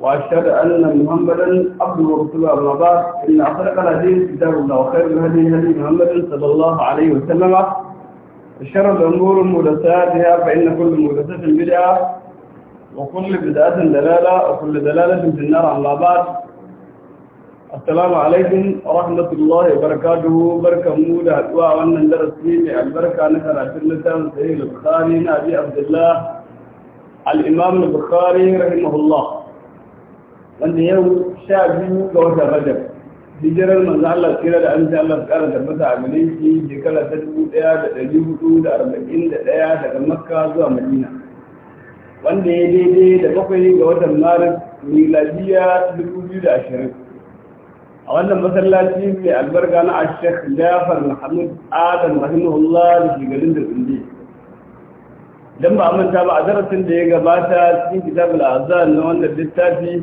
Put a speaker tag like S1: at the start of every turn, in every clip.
S1: وأشهد أن محمدا عبد ورسوله أما بعد إن أصدق الحديث كتاب الله وخير الهدي هدي محمد صلى الله عليه وسلم شر الأمور محدثاتها فإن كل محدثة بدعة وكل بدعة دلالة وكل دلالة في النار أما بعد السلام عليكم ورحمة الله وبركاته بركة مودة أدواء وأن في البركة نحن عشرنا سيد البخاري أبي عبد الله الإمام البخاري رحمه الله wanda yau sha biyu ga watan rajab hijirar manzo Allah kira da annabi Allah ya kara da a gare shi kala ta dubu ɗaya da ɗari hudu da arba'in da ɗaya daga makka zuwa madina wanda ya daidai da bakwai ga watan maris miladiya dubu biyu da ashirin a wannan masallaci mai albarka na ashek jafar muhammad adam rahimahullah da shigarin da tsundi don ba manta ba a darasin da ya gabata cikin kitabul azan na wannan littafi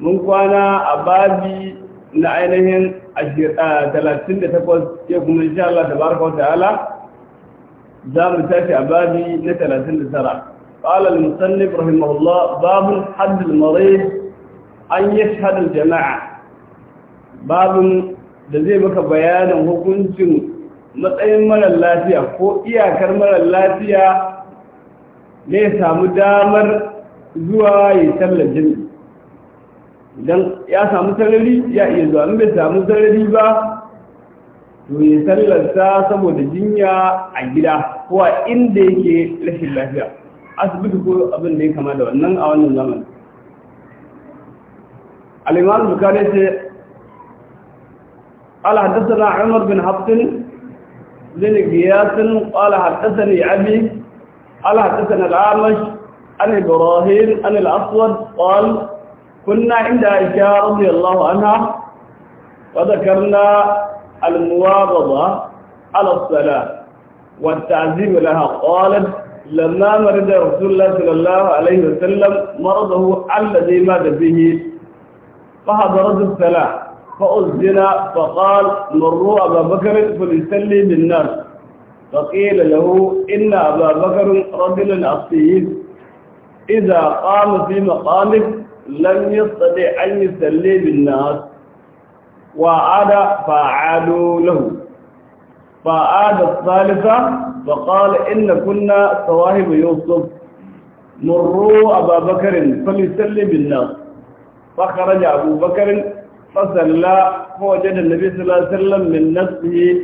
S1: mun kwana a babi na ainihin talatin da takwas ya kuma insha Allah ta baraka wata ala za mu tashi a babi na talatin da tara قال المصنف رحمه الله باب حد an أن يشهد jama'a. باب da zai maka bayanin hukuncin matsayin marar lafiya ko iyakar marar lafiya ne samu damar zuwa ya sallar jami'i idan ya samu sarari ya iya zuwa bai samu sarari ba to ya sallarsa saboda jinya a gida ko a inda yake rashin lafiya asibiti ko abin da ya kama da wannan a wannan zaman al-imam bukhari ce قال حدثنا عمر بن حفص بن غياث قال حدثني ابي قال حدثنا العامش عن ابراهيم عن الاسود قال كنا عند عائشة رضي الله عنها وذكرنا المواظبة على الصلاة والتعزيم لها قالت لما مرض رسول الله صلى الله عليه وسلم مرضه الذي مات به فحضرت الصلاة فأذن فقال مروا أبا بكر فليسلي بالناس فقيل له إن أبا بكر رجل عصيب إذا قام في مقامك لم يستطع أن يسلي بالناس وعاد فعادوا له فعاد الثالثة فقال إن كنا صواهب يوسف مروا أبا بكر فليسلي بالناس فخرج أبو بكر فسلى فوجد النبي صلى الله عليه وسلم من نفسه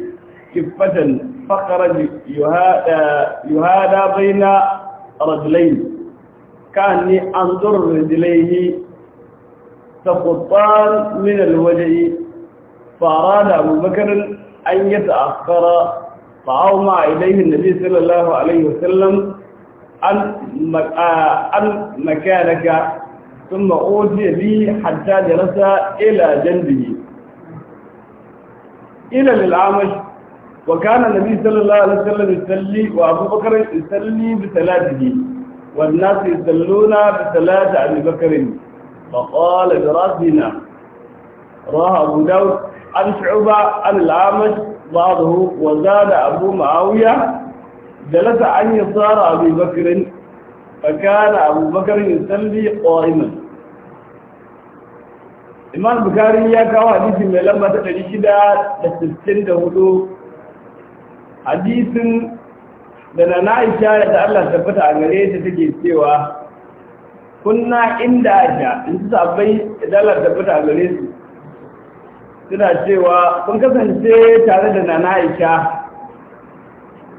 S1: كفة فخرج يهادى بين رجلين كأني أنظر رجليه تقطان من الوجه فأراد أبو بكر أن يتأخر فأومى إليه النبي صلى الله عليه وسلم عن آه، مكانك ثم أوتي به حتى جلس إلى جنبه إلى للعمش وكان النبي صلى الله عليه وسلم يصلي وأبو بكر يصلي بثلاثه والناس يصلون بصلاة أبي بكر فقال براسنا رواه أبو داود عن شعبة عن الأعمش بعضه وزاد أبو معاوية جلس عن يسار أبي بكر فكان أبو بكر يصلي قائما Imam Bukhari ya kawo hadisi mai lamba ta 664 hadisin da na na isha da Allah tabbata a gare ta take cewa kunna inda aisha in su sabbai da Allah tabbata a gare su suna cewa kun kasance tare da na aisha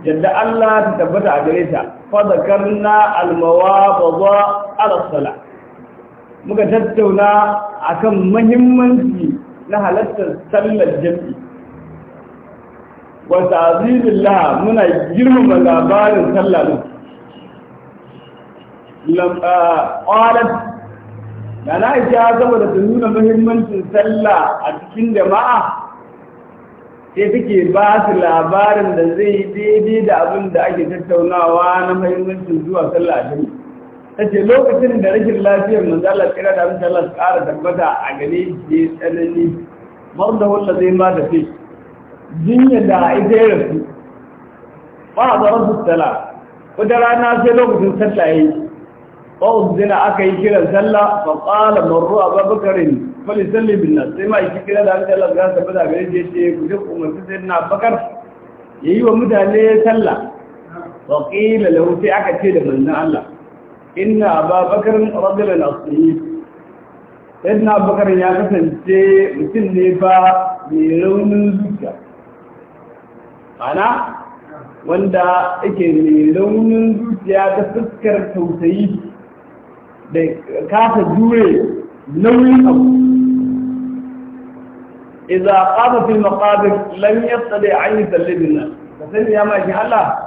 S1: yadda Allah ta tabbata a gare ta fa zakarna almawaqadha ala salat muka tattauna akan muhimmanci na halartar sallar jami'i wa ta'zimillah muna girmama labarin sallah din ah, qalat da na ya zama da nuna muhimmancin sallah a cikin jama'a sai take ba su labarin da zai daidai da abin da ake tattaunawa na muhimmancin zuwa sallah a ta ce lokacin da rashin lafiyar manzalar kira da abin sallah ƙara tabbata a gane shi tsanani mar wanda zai ma da fi jinyar da ita ya rasu ba a zarar su tala wata rana sai lokacin sallah ya yi ƙwawon zina aka yi kiran sallah ba tsala maru a babakarin fali salli bin sai ma yi kira da hankali za ta bada gare je ce ku je ku masu sai na bakar Ya yi wa mutane sallah ba qila lahu sai aka ce da manzan Allah inna ababakar asiri sai na bakar ya kasance mutum ne ba mai raunin zuciya Ma'ana wanda yake mai launin zuciya ta fuskar tausayi da kasa jure nauyin abu idza qaba fil maqabir lam yastadi an yusallibina ka sani ya maki Allah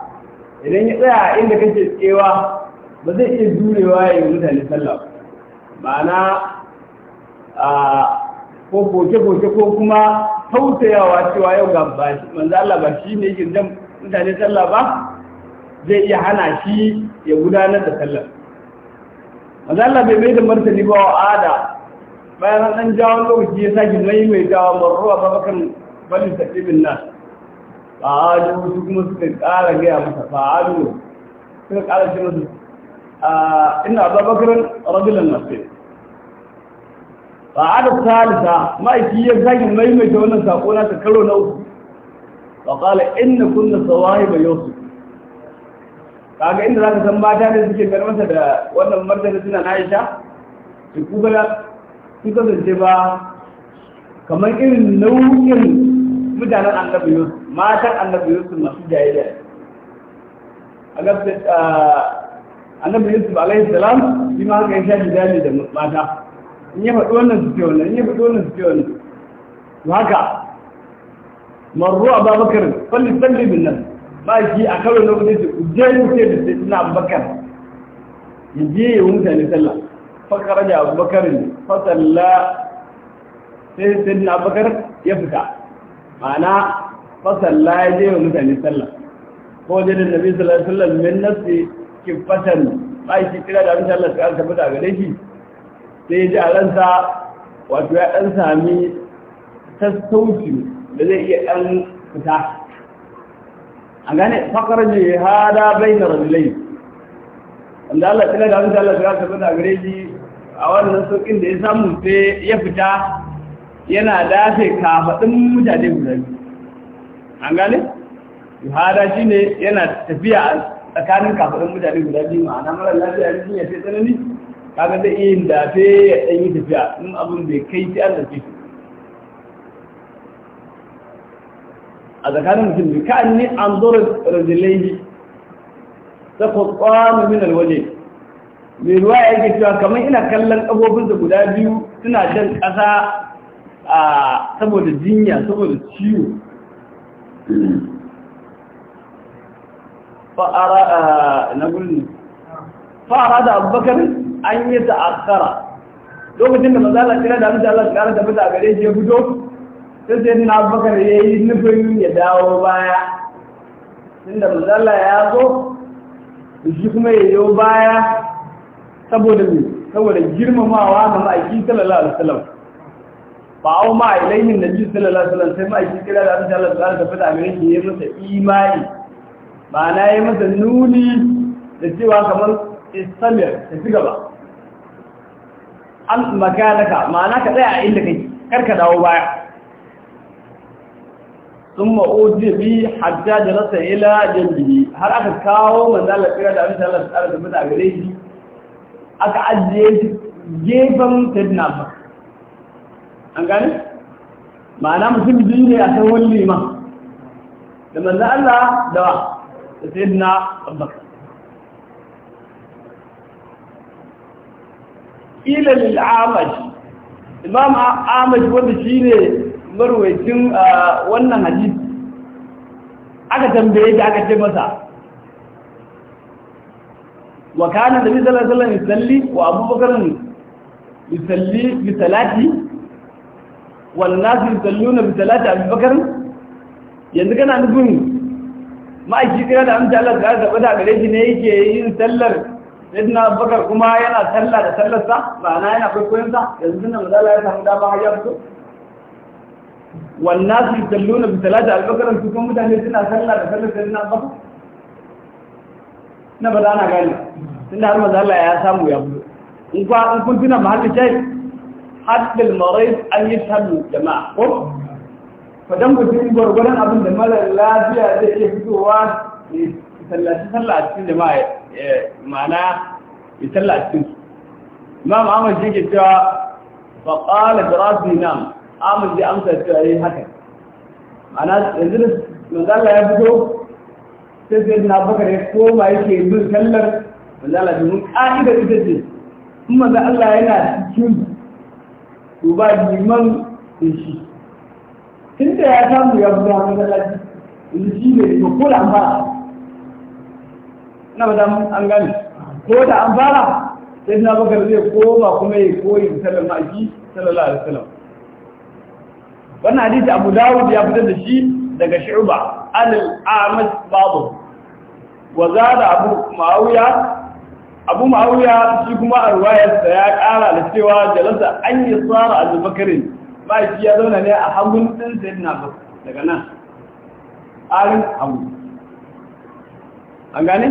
S1: idan ya tsaya inda kake tsewa ba zai iya jurewa ya yi mutane sallah ma'ana ko koke-koke ko kuma tausayawa cewa yau ga ba manzo Allah ba shi ne yake jan mutane sallah ba zai iya hana shi ya gudanar da sallah manzo Allah bai mai da martani ba wa ada bayan an jawo lokaci ya sake mai mai dawo marruwa ba bakan bali taqibin nas ji su kuma suka ƙara gaya masa fa'alu suka ƙara ce masa ah, ina babakarin rajulan nasir Ba قعد الثالثة ما ta, يزاجم ما يمجونا ساقونا تكروا نوسف وقال إن كنا صواهب يوسف kaga inda za ka san mata ne suke kar da wannan martani suna na Aisha su na su kasance ba kamar irin nau'in mutanen annabi Yusuf matan annabi Yusuf masu jayayya annabi Yusuf alaihi salam shi ma haka ya sha jidali da mata in ya faɗi wannan su ce wannan in ya faɗi wannan su ce wannan haka marru a babakar falli salli bin nan ba shi a kawai lokacin su je mu ce da sai suna abubakar ya je ya wunta ne sallah fakar da abubakar ne fasalla sai sai na abubakar ya fita ma'ana fasalla ya je wa mutane sallah ko je da nabi sallallahu alaihi wasallam min nafsi kifatan ba shi kira da mutane Allah ta tabbata gare shi sai ya ji a ransa wato ya ɗan sami sassauci da zai iya ɗan fita a gane fakar ne hada bai na rajulai wanda Allah tana da wanda Allah ta tabbata a gare shi a wannan sauƙin da ya samu sai ya fita yana dafe kafaɗin mutane guda biyu an gane hada shi ne yana tafiya tsakanin kafaɗin mutane guda biyu ma'ana mara lafiya shi ne sai tsanani kaga zai iya yin dafe ya ɗan yi tafiya in abin bai kai shi Allah ce a tsakanin mutum biyu ka ni an zo rajulaihi ta kwakwano min alwaje mai ruwa ya yake cewa kamar ina kallon da guda biyu suna jan ƙasa a saboda jinya saboda ciwo fa'ara na gurin fa'ara da abubakar an yi ta'akkara lokacin da maza kira da mutum Allah kira da mutum a gare shi ya fito sai sai na abubakar ya yi nufin ya dawo baya inda maza ya zo shi kuma ya yi baya saboda mai saboda girmamawa ga ma'aiki sallallahu alaihi wasallam ba au ma ilayhin nabi sallallahu alaihi wasallam sai ma'aiki kira da mutum Allah kira da mutum a gare shi ya masa imani ba na yi masa nuni da cewa kamar istamir ta ci gaba an makanaka ma'ana ka tsaya a inda kai karka dawo baya sun ma'udi bi hajja da rasa ila jambihi har aka kawo manzala tsira da abin da Allah tsara da mutu a gare shi aka ajiye shi gefen tadina ba an gani? ma'ana mutum biyu ne a san wani liman da manzan da wa da tadina abubakar ila lil amaj imam amaj wanda shine marwayin ah, wannan hadisi aka tambaye shi aka ce masa wa kana nabi sallallahu alaihi wasallam yusalli wa abubakar yusalli bi salati wal nas yusalluna bi salati abubakar yanzu kana nufin ma'aiki kira da amince Allah ta gaba da gare shi ne yake yin sallar sayyidina abubakar kuma yana sallah da sallarsa ma'ana yana kwaikwayon sa yanzu nan mazala ya samu dama har ya fito wannan su salluna bi salati abubakar su kuma mutane suna sallah da sallar sayyidina abubakar na ba za na gani tunda har mazala ya samu ya fito in kwa in kun tuna mahallin shayi haddal marais an yi tabu jama'a ko fadan mutum gwargwaron abin da mara lafiya zai iya fitowa ne sallaci sallah a cikin jama'a eh, ma'ana ya sallah cikin su imam ahmad ke cewa fa qala jarasi nam ahmad ya amsa cewa yayi eh, haka ma'ana yanzu da manzala ya fito sai sai na bakar ya koma yake bin sallar manzala mun ka'idar ita ce in manzo Allah yana cikin to ba liman shi tun da ya samu ya buga masallaci in shi ne ko kula ba na ba damu an gane ko da an fara sai na bakar zai koma kuma ya koyi misalin ma'aiki sallallahu alaihi wasallam wannan hadisi abu dawud ya fitar da shi daga shu'ba al-amas babu wa zada abu muawiya abu muawiya shi kuma a ruwayarsa ya kara da cewa jalasa an yi tsara al-bakarin ma'aiki ya zauna ne a hagun din sayyidina Abu, daga nan alin hagu an gane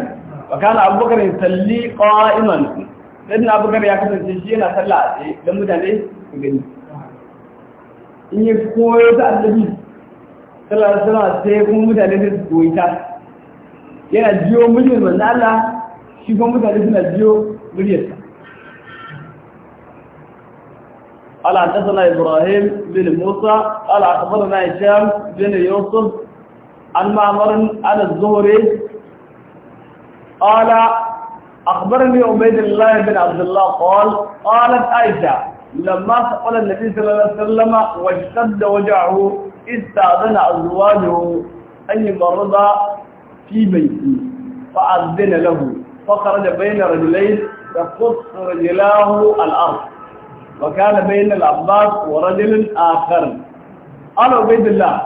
S1: wa kana abubakar ya salli qa'iman dan abubakar ya kasance shi yana sallah a tsaye dan mutane su gani in ya koyo ta annabi sallar alaihi wasallam sai kuma mutane su koyi ta yana jiyo muryar manzo Allah shi kuma mutane suna jiyo muryarsa قال حدثنا إبراهيم بن موسى قال أخبرنا هشام بن Yusuf, عن معمر عن الزهري قال أخبرني عبيد الله بن عبد الله قال قالت عائشة لما سأل النبي صلى الله عليه وسلم واشتد وجعه استأذن أزواجه أن يمرض في بيتي فأذن له فخرج بين رجلين فقص رجلاه الأرض وكان بين العباس ورجل آخر قال عبيد الله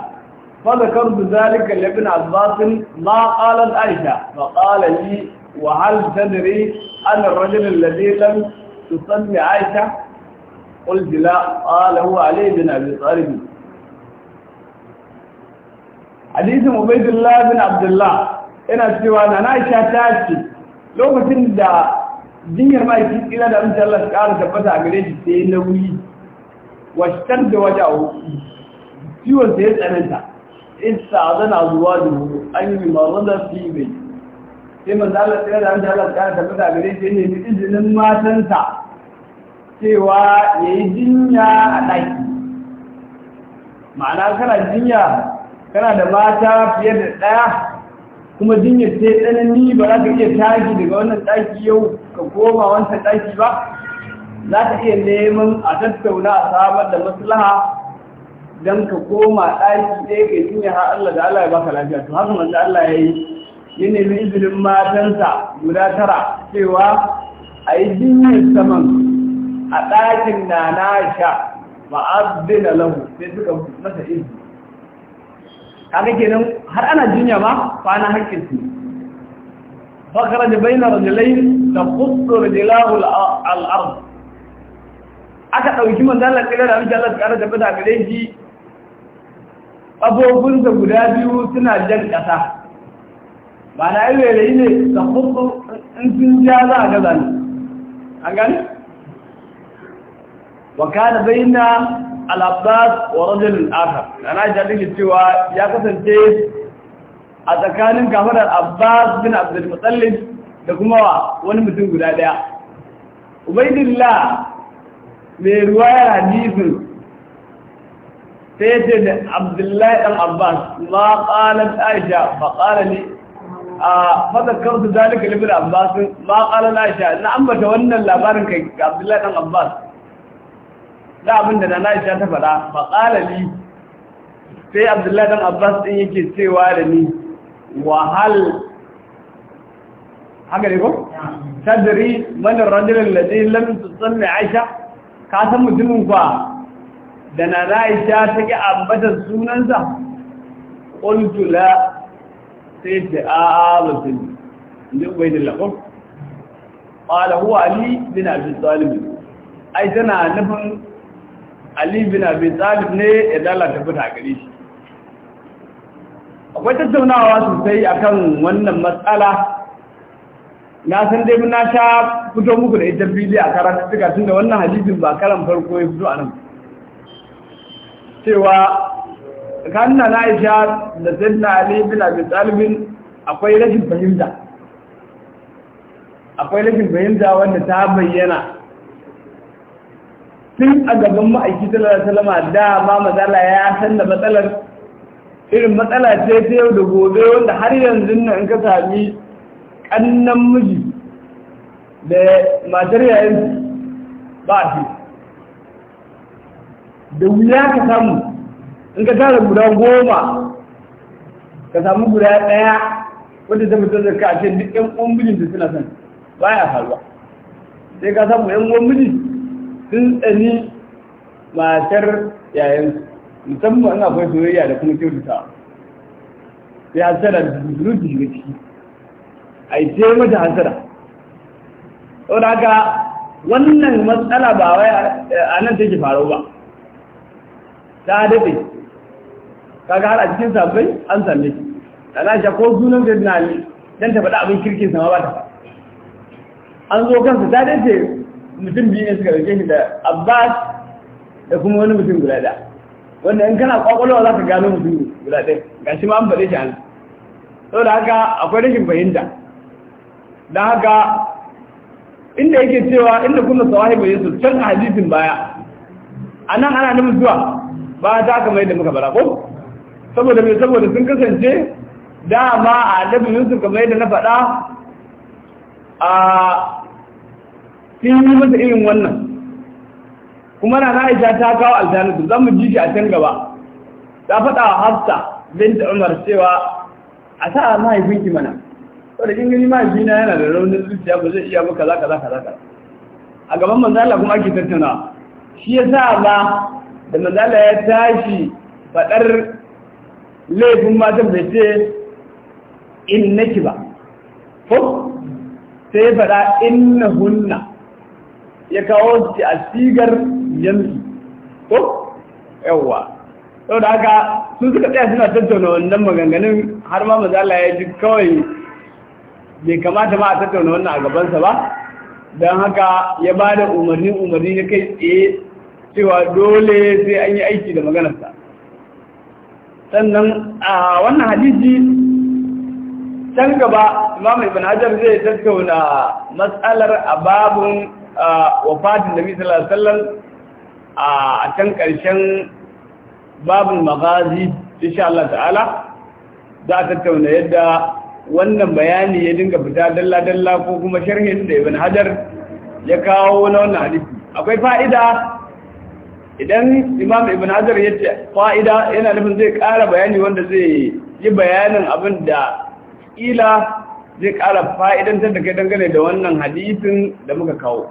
S1: فذكرت ذلك لابن عباس ما قالت عائشة فقال لي وهل تدري أن الرجل الذي لم تصلي عائشة قلت لا قال هو علي بن أبي طالب حديث عبيد الله بن عبد الله ina cewa na Aisha ta ce lokacin da jinyar ma'aikin ila da amince Allah su ƙara tabbata a gare shi sai nauyi washtar da waje a ciwon sai ya tsananta in sa'adana zuwa duhu an yi marada fi bai sai manzala tsaye da hanci Allah ta tafi da gare shi ne izinin matansa cewa ya yi jinya a ɗaki ma'ana kana jinya kana da mata fiye da ɗaya kuma jinyar ce tsanani ba za ka iya tashi daga wannan ɗaki yau ka koma wancan ɗaki ba za ka iya neman a tattauna a samar da maslaha don ka koma ɗaki ɗaya ka juya har Allah da Allah ya baka lafiya to haka manzo Allah ya yi ya nemi izinin matansa guda tara cewa a yi jinyar saman a ɗakin na na sha ma'azzina lahu sai suka masa izini kaga kenan har ana jinya ma kwana hakkin su Bakar da bainar rajulain da khuddu rajulahu al-ard aka dauki manzo Allah kira da Allah Allah ta da bada gare shi ƙafofinsa guda biyu suna jan ƙasa ba na yi yi ne da hutu in sun ja za a gaza ne an gani? da zai na al'abbas wa rajulun Da na jari cewa ya kasance a tsakanin kafarar abbas bin matsalin da kuma wa wani mutum guda daya ubaidillah mai ruwayar hadisin sai ce da abdullahi dan abbas ma qalat aisha fa qala li a fa zakartu zalika libin abbas ma qala aisha na ambata wannan labarin kai ga abdullahi dan abbas da abin da na aisha ta faɗa fa qala li sai abdullahi dan abbas din yake cewa da ni wahal haka ne ko tadri man ar-rajul alladhi lam tusalli aisha ka san mutumin kwa da na ra'isha ta ki ambatar sunansa ƙuntula sai ce a a mutum inda ubai da lafaf ƙwada huwa ali bin abin tsalibin ai tana nufin ali bin abin tsalib ne ya lalata fita gare shi akwai tattaunawa sosai akan wannan matsala na san dai na sha fito muku da ita fili a karatuttuka tun da wannan hadisin ba karan farko ya fito a nan cewa kanna na isha da zinna ali bin abi talibin akwai rashin fahimta akwai rashin fahimta wanda ta bayyana tun a gaban ma'aiki talar salama da ma matsala ya san da matsalar irin matsala ce ta yau da gobe wanda har yanzu nan in ka sami kannan miji da matar yayin ba shi da wuya ka samu in ka tara guda goma ka samu guda ɗaya wadda ta fitar da ka ce duk yan uwan mijinta suna son baya faruwa sai ka samu yan uwan sun tsani matar yayansu musamman ina akwai soyayya da kuma ta. sai hasara da zuzuru da shiga ciki a yi ce mata hasara saboda haka wannan matsala ba wai a nan take faru ba ta daɗe kaga har a cikin sabbai an same shi ana sha ko sunan da na ne dan ta faɗa abin kirkin sama ba ta an zo kansa ta dace mutum biyu ne suka rike shi da abbas da kuma wani mutum guda da wanda in kana kwakwalwa za ka gano mutum guda ɗaya ga shi ma an faɗe shi hannu to da haka akwai rashin fahimta da haka inda yake cewa inda kuma sawahi bai yi su can a hadisin baya a nan ana nufin zuwa ba ta kamar yadda muka bara ko saboda mai saboda sun kasance dama a annabi yusuf kamar yadda na faɗa a sun yi masa irin wannan kuma na aisha ta kawo alternatu za mu ji shi a can gaba ta faɗa wa hafsa binta umar cewa a sa mahaifinki mana saboda kin gani mahaifina yana da raunin zuciya ba zai iya ba kaza kaza kaza a gaban manzala kuma ake tattauna shi ya sa ba da manzala ya tashi faɗar laifin matan bai ce in naki ba ko sai ya in na hunna ya kawo shi a sigar yanzu ko yawwa sau da haka sun suka tsaya suna tattauna wannan maganganun har ma mazala ya ji kawai bai kamata ma a tattauna wannan a gabansa ba don haka ya ba da umarni umarni ya kai tsaye cewa dole sai an yi aiki da maganarsa sannan a wannan hadisi can gaba imam ibn hajar zai tattauna matsalar ababun wafatin nabi sallallahu alaihi wasallam a can karshen babun magazi insha Allah ta'ala za a tattauna yadda wannan bayani ya dinga fita dalla-dalla ko kuma sharhin da ibn hajar ya kawo na wannan hadisi akwai fa'ida idan imam ibn hajar ya ce fa'ida yana nufin zai ƙara bayani wanda zai yi bayanin abin da ƙila zai ƙara fa'idantar da kai dangane da wannan hadisin da muka kawo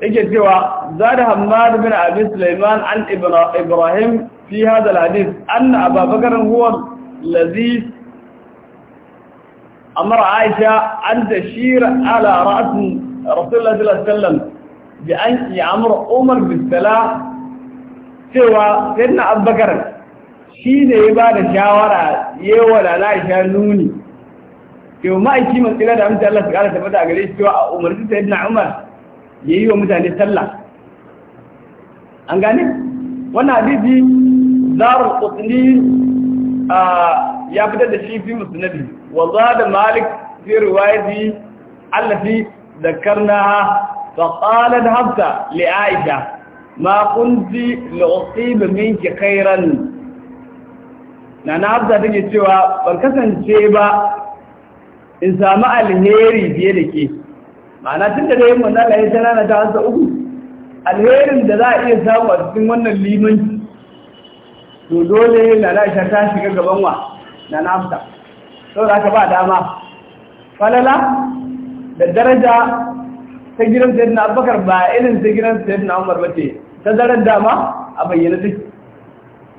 S1: yake cewa za da hamad bin abin suleiman an ibrahim fi hadis an na ababakarin huwar lazi amar aisha an ta shira ala ra'asin rasulullah sallallahu alaihi wasallam bi an yi amur umar bisala cewa sayyidina abubakar shi ne ya ba da shawara yawa da la'isha nuni yau ma'aiki mai tsira da amince Allah su kara tafata a gare shi cewa a umarci sai na umar ya yi wa mutane sallah an gani wannan hadisi zarar qutni ya fitar da shi fi nabi wa da malik fi riwayati Allafi da karnaha qalat hafsa li aisha ma kunzi la'usibu minki khairan na na hafsa take cewa ban kasance ba in samu alheri biye da ke ma'ana tun da dai mun Allah ya tana ta hansa uku alherin da za a iya samu a cikin wannan limanci to dole na na ta shiga gaban wa na na sau da haka ba dama falala da daraja ta gidan sayyidina abubakar ba irin ta gidan sayyidina umar ba ce ta zarar dama a bayyana duk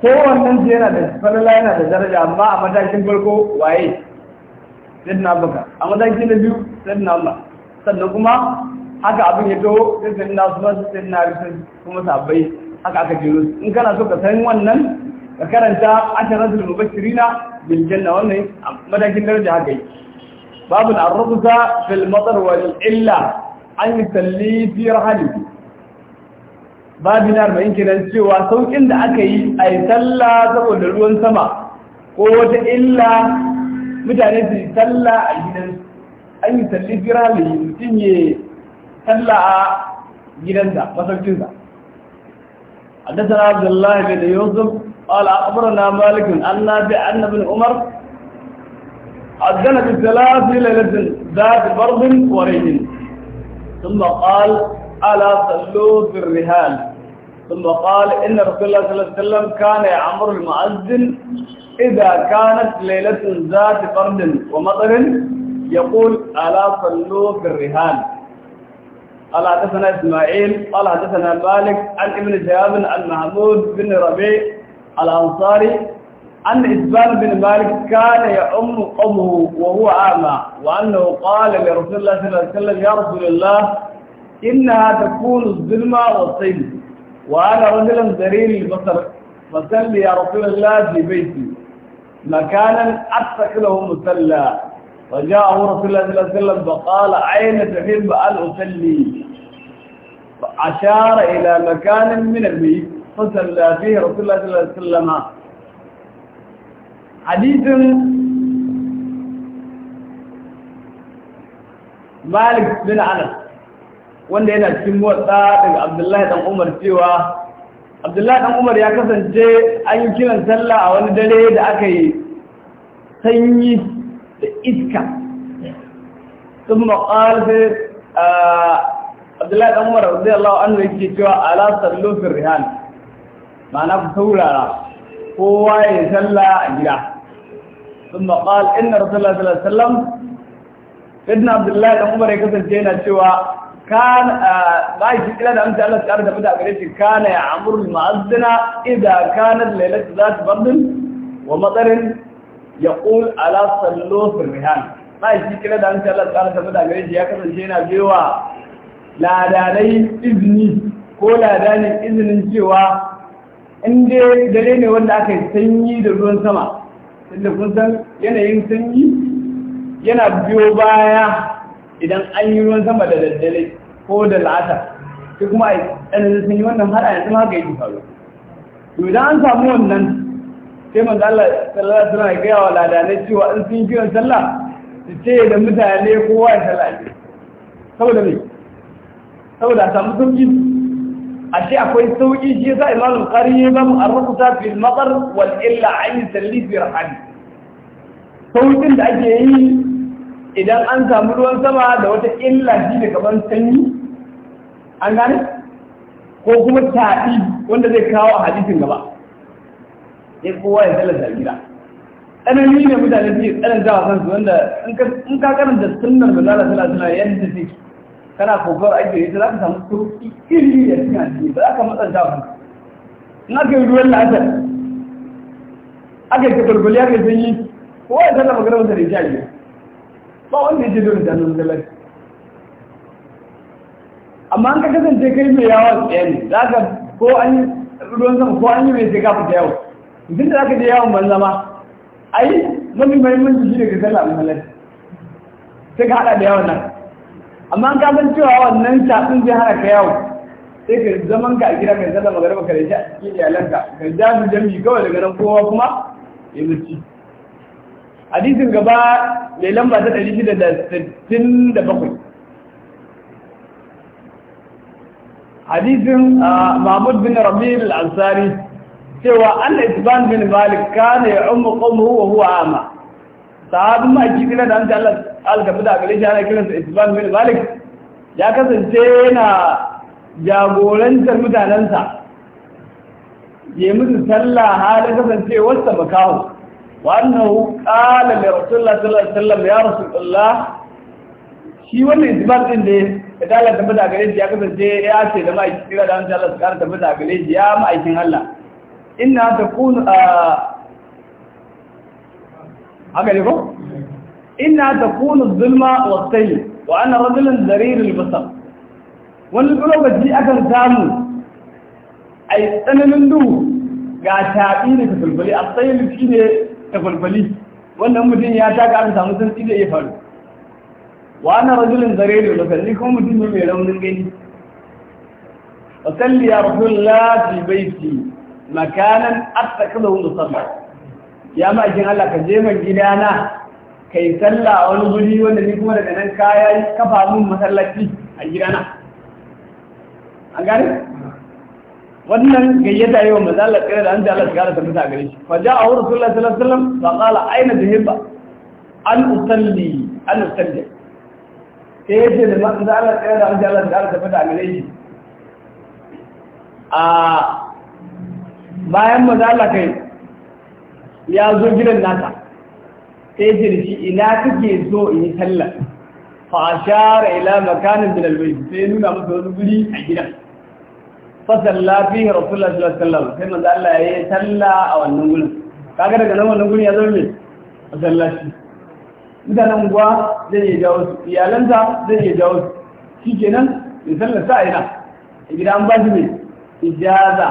S1: wannan ce yana da falala yana da daraja amma a matakin farko waye sayyidina abubakar a matakin na biyu sayyidina umar sannan kuma haka abin ya taho sai sayyidina usman sayyidina arisan kuma sabai haka aka jero in kana so ka san wannan ka karanta asharatul mubashirina bil janna wannan matakin daraja haka yi babu na rubuta fil matar wal illa an yi salli fi rahali babi na arba'in kenan cewa saukin da aka yi a yi salla saboda ruwan sama ko wata illa mutane su yi salla a gidan an yi salli fi mutum ya salla a gidansa masaukinsa حدثنا عبد الله بن يوسف قال أخبرنا مالك أن نافع أن ابن عمر أذن بالثلاث ليلة ذات برد وريح ثم قال ألا صلوا في الرهان ثم قال إن رسول الله صلى الله عليه وسلم كان يعمر المؤذن إذا كانت ليلة ذات برد ومطر يقول ألا صلوا في الرهان قال حدثنا إسماعيل قال حدثنا مالك عن ابن شهاب عن محمود بن ربيع الأنصاري أن إسبان بن مالك كان يأم قومه وهو أعمى وأنه قال لرسول الله صلى الله عليه وسلم يا رسول الله إنها تكون الظلمة والصيد وأنا رجلا ذليل البصر فسل يا رسول الله في بيتي مكانا له مسلى فجاءه رسول الله صلى الله عليه وسلم فقال أين تحب أن أسلي فأشار إلى مكان من البيت فسلى فيه رسول الله صلى الله عليه وسلم hadisin Malik bin Anas wanda yana cikin motsa daga Abdullahi dan Umar cewa Abdullahi dan Umar ya kasance an yi kiran sallah a wani dare da aka yi sanyi da iska sun maƙal sai Abdullahi dan Umar zai radiyallahu anhu yake cewa ala sallu rihan ma'ana ku saurara kowa ya sallah a gida ثم قال إن رسول الله صلى الله عليه وسلم ابن عبد الله بن عمر يكتب جينا شوى كان باي شكلا ده أنت الله تعالى تبدأ قريش كان يعمر المؤذن إذا كانت ليلة ذات برد ومطر يقول ألا صلوا في الرهان باي شكلا ده أنت الله تعالى تبدأ قريش يكتب جينا شوى لا داني إذني كولا داني إذن شوى in dai dare ne wanda aka yi sanyi da ruwan sama tunda kun san yanayin sanyi yana biyo baya idan an yi ruwan sama da daddare ko da la'ata sai kuma a tsananin sanyi wannan har a yanzu ma ga yi faru to idan an samu wannan sai manzo Allah sallallahu alaihi wasallam ya gaya wa ladanai cewa in sun kiran sallah su ce da mutane kowa ya sallah saboda me saboda samu sauki ashe akwai sauki shi yasa imam al-qari ba mu arruta fi al-matar wal illa ayn salli fi rahani saukin da ake yi idan an samu ruwan sama da wata illa shi da kaman sanyi an gane ko kuma taɗi wanda zai kawo a hadisin gaba sai kowa ya tsalla zargira tsanani ne mutane suke tsananta wa kansu wanda in ka karanta sunnar manzala sallallahu alaihi wasallam yadda take kana kogar ake yi za ka samu turki iri da suna ne ba za ka matsanta ba N'a ka yi ruwan la'asar aka yi kabalbali aka yi sanyi ko ya zalla magana wata da jayi ba wanda yake dole da nan da amma an ka kasance kai mai yawa tsaye ne za ka ko an yi ruwan sama ko an yi mai sai ka fita yawo idan da za ka je yawon ban zama ai mafi mahimmanci shi ne ka zalla a mahalar sai ka haɗa da yawon nan amma an san cewa wannan shaɗin zai hana ka yawo sai ka zaman ka a gida mai zalla magana ka rage a cikin iyalanka ka ja su jami kawai daga nan kowa kuma ya mutu hadisin gaba mai lamba ta ɗari shida da sittin da bakwai hadisin ah, mahmud bin rabi al-ansari cewa an isban bin malik kana ya ummu qawmuhu wa huwa ama sahabin ma kidina da an Allah al da shi ana kiransa Isman bin Malik ya kasance yana jagorantar mutanensa ya musu sallah hali kasance wasta makahu wannan kala da rasulullah sallallahu alaihi wasallam ya rasulullah shi wannan Isman din ne da dala tafi da gare shi ya kasance ya ce da ma'aikin kira da Allah su kara tafi da gare shi ya ma'aikin Allah inna kunu a ah, haka ne ko Ina ta إنها تكون Wa ana وأنا رجل ذرير البصر والقلوب دي أكن سامو أي tsananin duhu ga taɓi da tafulfuli a tsayin shi ne tafulfuli wannan mutum ya taka an samu sun da ya faru wa ana rajulin zare da Ni kuma mutum ne mai raunin gani wasalli ya rasulullah fi baiti makanan attakalahu musalla ya ma'aikin Allah ka je man gidana kai sallah a wani guri wanda ni kuma daga nan kaya kafa mun masallaci a gidana an gane wannan gayyata yi wa kare da an ji Allah shiga da ta a gare shi fa ja a wurin sallallahu alaihi wasallam fa qala aina dhahaba an usalli an usalli sai ya ce da mazalla kare da an ji Allah shiga da ta a gare shi a bayan mazalla kai ya zo gidan nasa sai jirgi ina kake so in yi sallah fa ashara ila makanin min albayt sai nuna masa wani guri a gidan fa salla fihi rasulullah sallallahu alaihi wasallam sai manzo Allah ya yi sallah a wannan gurin kaga daga nan wannan gurin ya zama me masallaci nan gwa zai iya jawo su Iyalanta zai iya jawo su shikenan in sallar sa ina idan an ba shi ne ijaza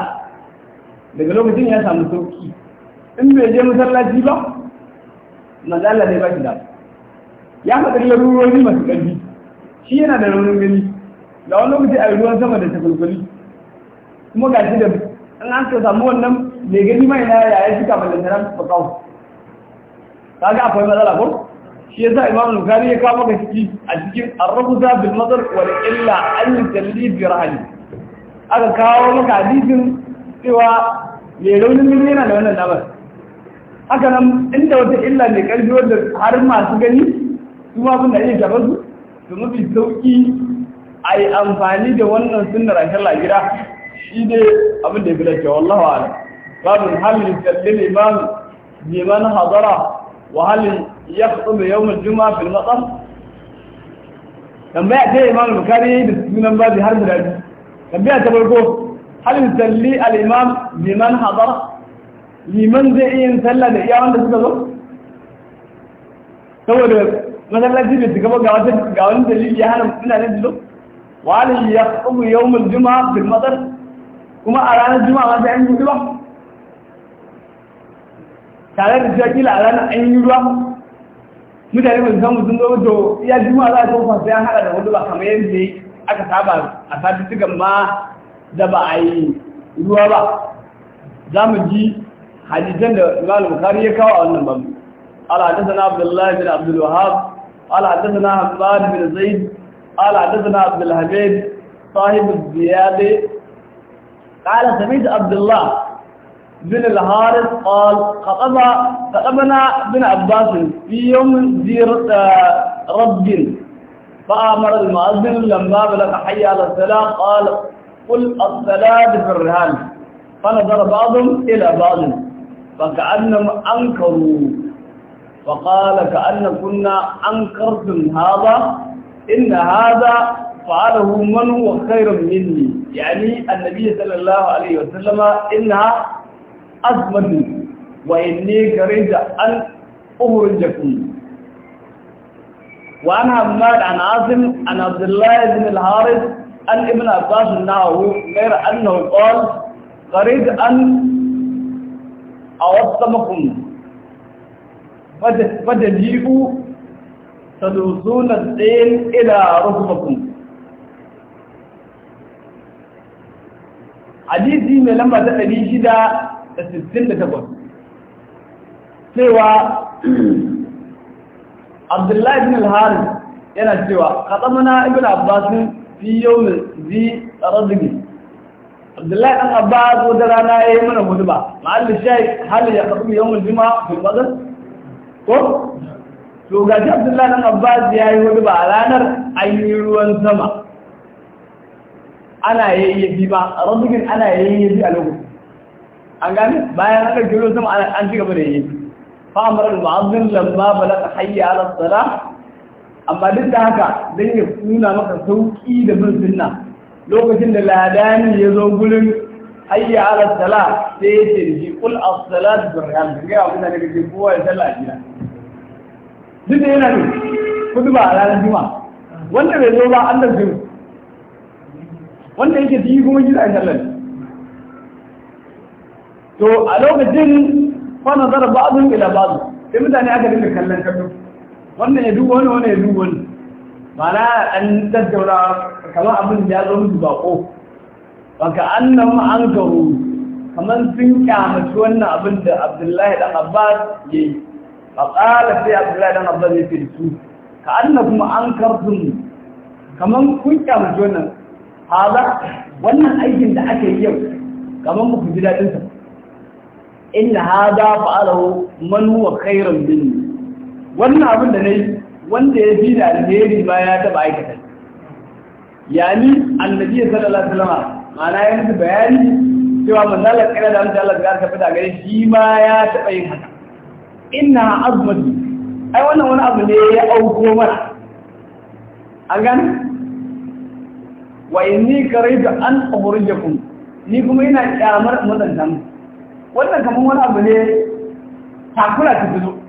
S1: daga lokacin ya samu sauki in bai je masallaci ba manzo Allah ne ba shi da ya faɗi larurori masu ƙarfi shi yana da raunin gani da wani lokaci a ruwan sama da takwalkwali kuma ga shi da an an ka samu wannan mai gani mai na yaya shi kafin da tana fakawo ta ga akwai matsala ko shi ya sa imam bukari ya kawo maka ciki a cikin arrabuza bil mazar wal illa an yusalli bi rahali aka kawo maka hadisin cewa mai raunin gani yana da wannan labar haka nan inda wata illa mai ƙarfi wadda har masu gani su ma suna iya shafa su su mafi sauƙi a yi amfani da wannan sunnar a kan lagira shi ne abin da ya fi lafiya wallahu ala babin halin kallin imam neman hadara wa halin ya kuɗu mai yawon juma'a fil matsar tambaya ta imam bukari da sunan babi har guda biyu tambaya ta farko halin salli al-imam liman hadara liman zai iya yin sallah da iya wanda suka zo saboda masallaci bai shiga ba ga wata ga wani dalili ya hana suna nan jilo wa alai ya kuma yawmul juma'a bil matsar kuma a ranar juma'a ma sai an yi ruwa tare da cewa kila a ranar an yi ruwa mutane ba su samu sun zo to iya juma'a za a tofa sai an haɗa da wani ba kamar yadda aka saba a sati tukan ma da ba a yi ruwa ba za mu ji حديثاً لإمام البخاري كوا أن المم قال حدثنا عبد الله بن عبد الوهاب قال حدثنا حمد بن زيد قال حدثنا عبد الحميد صاحب الزيادة قال سميت عبد الله بن الحارث قال خطبنا خطبنا بن عباس في يوم زيارة رب فأمر المؤذن لما بلغ حي على السلام قال قل الصلاة في الرهان فنظر بعضهم إلى بعضهم فكأنهم أنكروا فقال كأن كنا أنكرتم هذا إن هذا فعله من هو خير مني يعني النبي صلى الله عليه وسلم إنها أزمن وإني كرهت أن أخرجكم وأنا أمار عن عاصم عن عبد الله بن الحارث عن ابن عباس النحو غير أنه قال قريت أن a wasu ta fadalihu saduzuna tsayin ila rukumakun hadisi mai lamba ta ɗari shida da sittin da takwas cewa abdullahi bin al-haris yana cewa katsamana ibn abbasin fi yau zi razumi Abdullahi ɗan Abbas wata rana ya yi mana hudu ba, ma'alli shai hali ya kaɗu yawon jima fi ƙwazar? Ko? To gaji Abdullahi ɗan Abbas ya yi hudu ba a ranar an yi ruwan sama. Ana yayyafi ba, a rasukin ana yayyafi a lokacin. An gane? Bayan an ɗauki ruwan sama an ci gaba da yayyafi. Fa'amar al-ma'azin lamba balaga hayya ala sala amma duk da haka don ya nuna maka sauƙi da bin sunna lokacin da ladani ya zo gurin ayya ala sala sai ya ce shi kul as-salatu barham ga ya kuma daga kowa ya sallah gida duk da yana ne kudu ba a ranar juma'a wanda bai zo ba an da zai wanda yake ji kuma ji a sallah to a lokacin fa nazara ba'dun ila ba'd sai mutane aka dinga kallon kallon wannan ya duba wani wannan ya duba wani mana an tattauna kamar abin da ya zo musu bako baka annan an garu kamar sun kyamaci wannan abin da abdullahi dan abbas ya yi tsara sai abdullahi dan abbas ya fi su ka annan kuma an karfin kamar kun kyamaci wannan haza wannan aikin da aka yi yau kamar muku ji daɗinsa inna haza fa'alahu man huwa khairan minni wannan abin da na yi wanda ya fi da alheri ba ya taɓa aikata yani annabi sallallahu alaihi wasallam ma'ana ya musu bayani cewa manzalar kana da wanda Allah ya tafi da gare shi ma ya taɓa yin haka inna azmatu ai wannan wani abu ne ya auko mana an gan, wa inni karaitu an ukhrijakum ni kuma ina kyamar mutunta mu wannan kamar wani abu ne takura ta fito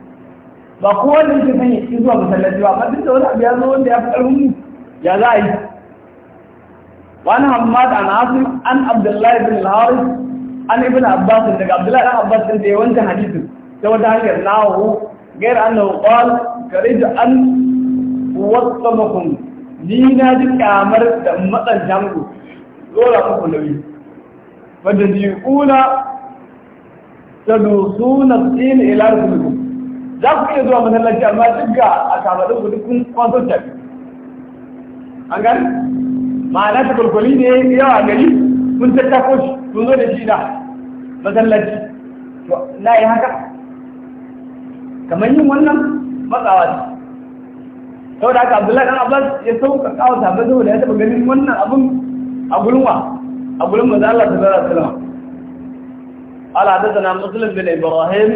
S1: ba kowa da yake son cikin zuwa masallaci ba amma duk da wani abu ya zo wanda ya fi ƙarfin ya za a yi wani da ana asim an abdullahi bin al an ibn abbas daga abdullahi dan abbas din da ya wancan hadisin ta wata hanyar nawo gair annahu kare da an makon ni na ji kamar da matsan jango zora muku nauyi wadda ji kuna ta dusu na tsini ilar rukunukum za ku iya zuwa masallaci amma duk ga a kamadin ku duk kwanson tafi an gani ma'ana ta kwalkwali ne yawa gari mun tattako shi mun zo da shi na, masallaci to na yi haka kamar yin wannan matsawa Sau saboda haka abdullahi dan abbas ya sauka kawo sabbin da ya taɓa ganin wannan abin a gulma a gulma da allah ta zara salama ala da zana musulun bin ibrahim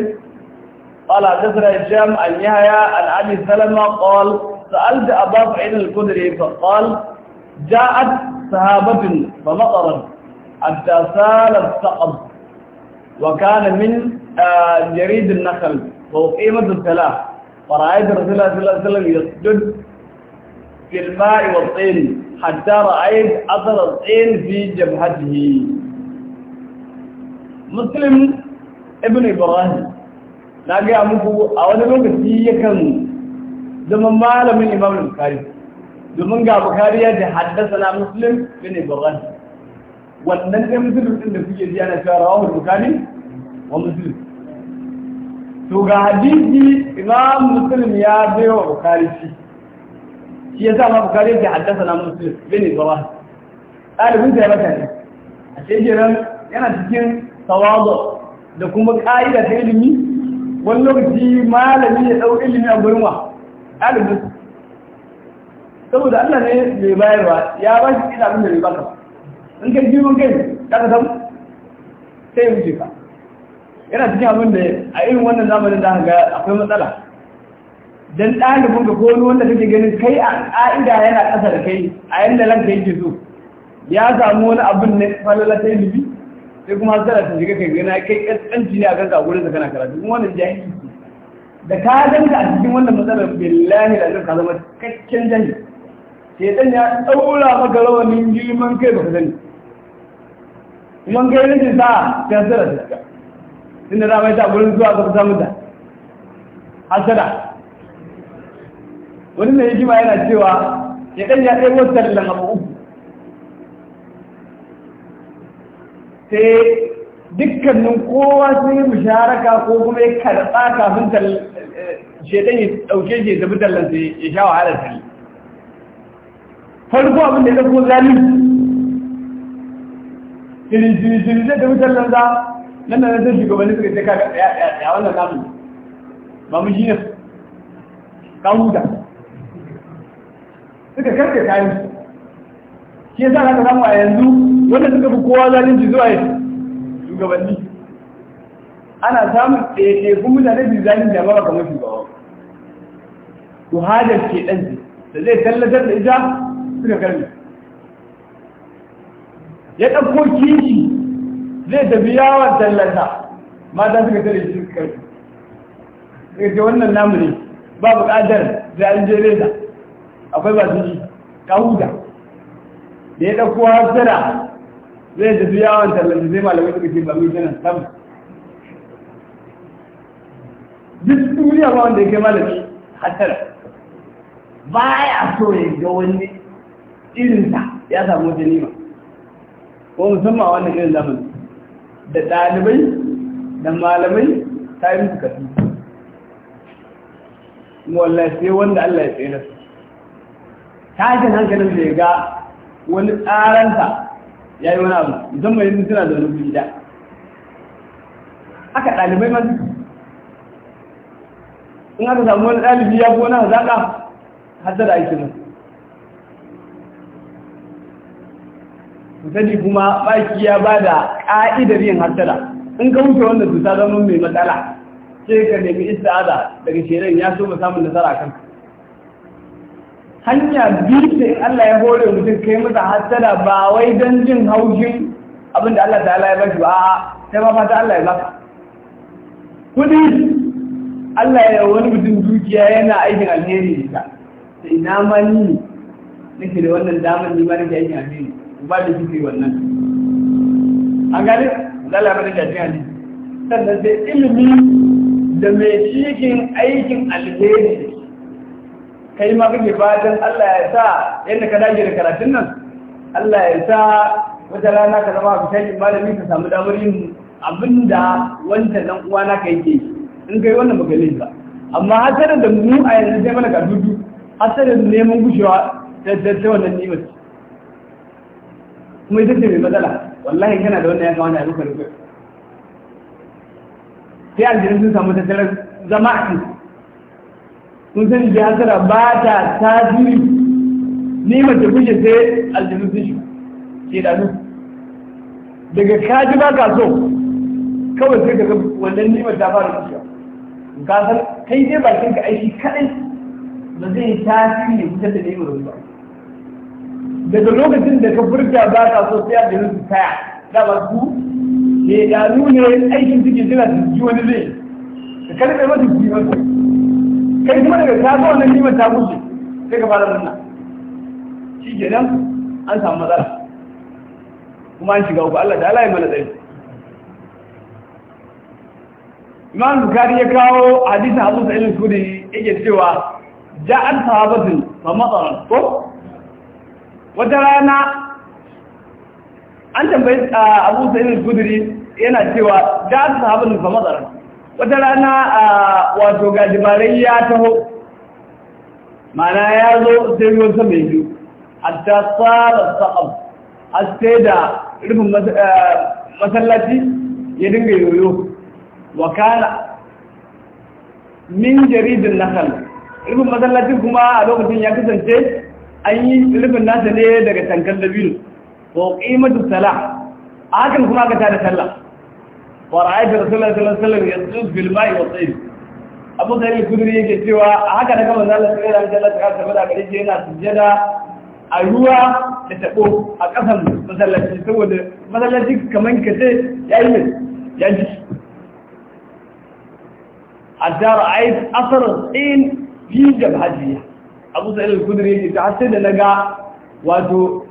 S1: قال حدثنا هشام عن يحيى عن ابي سلمه قال سالت ابا سعيد الكدري فقال جاءت سهابه فمطرت حتى سال السقم وكان من آه، جريد النخل وقيمة الثلاث فرأيت رسول الله صلى الله عليه وسلم يسجد في الماء والطين حتى رأيت أثر الطين في جبهته مسلم ابن إبراهيم na gaya muku a wani lokaci yakan zama malamin imam bukari domin ga bukari ya da haddasa na muslim bin ibrahim wannan ɗan musulun ɗin da kuke ji ana cewa rawahu bukari wa musulun, to ga hadisi imam musulun ya bai wa bukari shi shi ya sa ma bukari ya haddasa na musulun bin bagan ɗalibinsa ya mata ne a shekiran yana cikin tawazo da kuma ƙa'ida ta ilimi wani lokaci malami ya ɗau ilimi a gurin wa ɗalibin saboda Allah ne mai bayarwa ya ba shi ila abin da bai baka in kai jirgin kai ka ka samu sai ya wuce ka yana cikin abin da a irin wannan zamanin da ga akwai matsala dan ɗalibin ka ko wanda kake ganin kai a ƙa'ida yana ƙasa da kai a yanda ranka yake so ya samu wani abin na falala ta ilimi sai kuma hasara ta shiga kai gana kai kaskanci ne a kan a da kana karatu kuma wannan jahili da ka danka a cikin wannan matsalar billahi da ka zama cikakken sai ɗan ya ɗaura maka rawanin girman kai baka sani kuma kai rikin sa ta zara ta ka tunda za mai ta gurin zuwa ka samu da hasara wani mai hikima yana cewa ɗan ya ɗaya wasu tallan sai dukkanin kowa sun yi musharaka ko kuma ya karɓa kafin eh, shaidan ya ɗauke shi ya tafi tallansa ya sha wahalar tali farko abin da ya ɗauko zalunci jiri-jiri zai tafi tallansa nan da nasar shugabanni suka ce kaga ya wannan namu ba mu shi ne kawuta suka karkata shi shi ya sa ka samu a yanzu wanda suka fi kowa zalunci zuwa yi shugabanni ana samun ɗaya kun mutane su zalunci a ba kamar shugaba to hajar ke ɗan da zai tallatar da ita suka karni ya ɗauko kishi zai tafi yawon tallata mata suka tare shi suka karni suka ce wannan namu ne ba buƙatar da an je akwai ba su yi ka huta da ya ɗauko hasara zai tafi yawon tallafi zai malamai suka ce ba mai nan sam duk duniya ba wanda ya kai malami Ba ya so ya ga wani irinsa ya samu wata nima ko musamman wannan irin zamani da ɗalibai da malamai ta yi musu kasu wallahi sai wanda Allah ya tsere su tashin hankalin da ya ga wani tsaranta ya yi wani abu mai yanzu suna da wani gida aka ɗalibai man. in aka samu wani ɗalibi ya fi wani hazaƙa har da aiki nan ku sani kuma baki ya ba da ƙa'idar yin hassada in ka wuce wanda su ta zama mai matsala sai ka nemi isa'ada daga shirin ya so samun nasara kanka hanya biyu ce Allah ya hore mutum kai masa hasada ba wai don jin haushin abin da Allah ta'ala ya bashi ba sai ma fata Allah ya ba kudi Allah ya wani mutum dukiya yana aikin alheri da ta ina ma ni nake da wannan damar ni ma nake aikin alheri ba da kike wannan an gani Allah ya bada jajin alheri sannan sai ilimi da mai cikin aikin alheri kai ma kake fatan Allah ya sa yadda ka dage da karatun nan Allah ya sa wata rana ka zama fitakin malami ka samu damar yin abinda wancan dan uwa ka yake in kai wannan magalin ba amma hasarar da mu a yanzu sai mana kadudu hasarar neman gushewa da ta wannan nimar kuma ita ce mai matsala wallahi kana da wannan ya kama da rufe rufe sai aljihun sun samu tattalin zama a sun san ji hasara ba ta tasiri ni mace kushe sai aljanu sun shi ke da daga kaji ba ka so kawai sai daga wannan nima ta fara kushe ka san kai dai bakin ka aiki kadai ba zai tasiri ne kusa da nima ba daga lokacin da ka furta ba ka so sai aljanu su taya ba su ne da nuna aikin suke jira su ji wani zai ka karɓe mata kuma masa kai kuma daga ta zo wannan niman ta gushe sai ka fara murna shi kenan an samu matsala kuma an shiga uku Allah da Allah ya mana tsaye Imam Bukhari ya kawo hadisin Abu Sa'id al-Khudri yake cewa ja'at sahabatun fa mataran ko wata rana an tambayi ah, Abu Sa'id al-Khudri yana cewa ja'at sahabatun fa mataran wata rana a wato gajibarai ya taho mana ya zo sai ruwan sama biyu hatta tsara sa'ab har sai da rufin masallaci ya dinga yoyo wakana min jaridin nakal rufin masallacin kuma a lokacin ya kasance an yi rufin nasa ne daga tankar dabino ko ƙimatu sala a hakan kuma aka tada sallah ورأيت رسول الله صلى الله عليه وسلم يصوص بالماء والطيب abu da ne kudiri yake cewa a haka na kama zalar tsere da jalla ta kasa bada gare yana sujjada a ruwa da taɓo a kasan masallaci saboda masallaci kamar ka ya yi mai A ji hatta ra'ayt asar tsin fi jabhatiya abu sa'id al-kudri yake ta sai da naga wato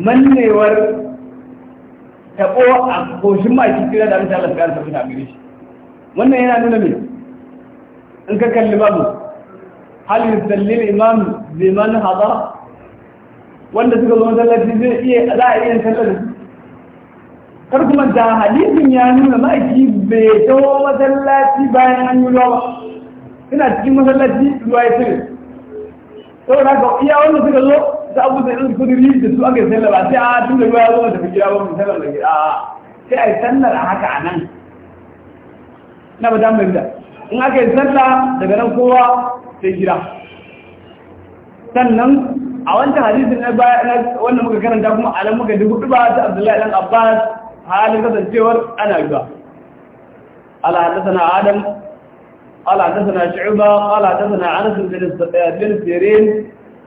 S1: mannewar tabo a koshin maki kira da Allah Allah ya tabbata gare shi wannan yana nuna me in ka kalli babu hal yusalli al-imam liman hadara wanda suka zo masallaci zai iya za a iya sallar kar kuma da hadisin ya nuna maki bai tawo masallaci bayan an yi ruwa ba ina cikin masallaci ruwa ya tare saboda haka iya wanda suka zo ta abu sai ɗin kudiri da su aka yi sallar ba sai a tun da ruwa ya zama tafi gida ba mu sallar da gida sai a yi sallar a haka a nan na ba damar da in aka yi sallah daga nan kowa sai gida sannan a wancan hadisin na baya wannan muka karanta kuma alam muka dubu duba ta abdullahi dan abbas halin kasancewar ana ruwa ala hadathana adam ala hadathana shu'ba ala hadathana anas bin sirin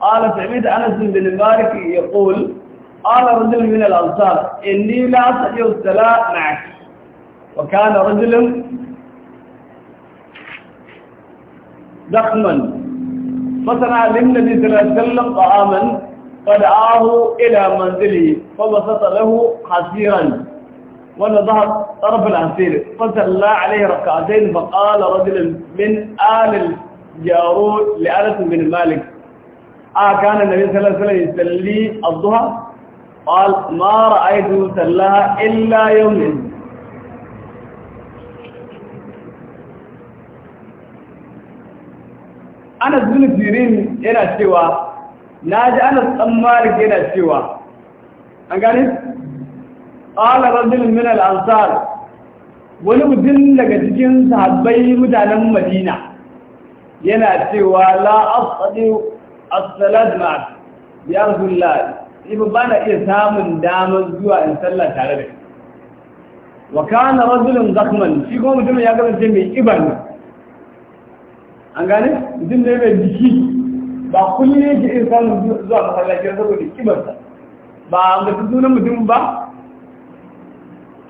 S1: قال سعيد أنس بن مالك يقول قال رجل من الأنصار إني لا أستطيع الصلاة معك وكان رجل ضخما فصنع للنبي صلى الله عليه وسلم طعاما فدعاه إلى منزله فبسط له حسيرا ونظر طرف العسير فصلى عليه ركعتين فقال رجل من آل الجارود لأنس بن مالك a kana nabi sallallahu alaihi wasallam yusalli a zuwa? A ma ra'aytu sallaha illa yau ne. Anas bin Sirin yana cewa na ji anas ɗan malik yana cewa an gani ƙala rajulun min al'ansar wani mutum daga cikin sahabbai mutanen madina yana cewa la asadi as-salat ma bi ahullah ibn bana iya samun damar zuwa in sallah tare da wa kana rajulun zakhman shi kuma mutum ya ga mai kiba ne an gane mutum ne mai jiki ba kullum yake iya samun zuwa masallaci saboda sa ba a ga sunan mutum ba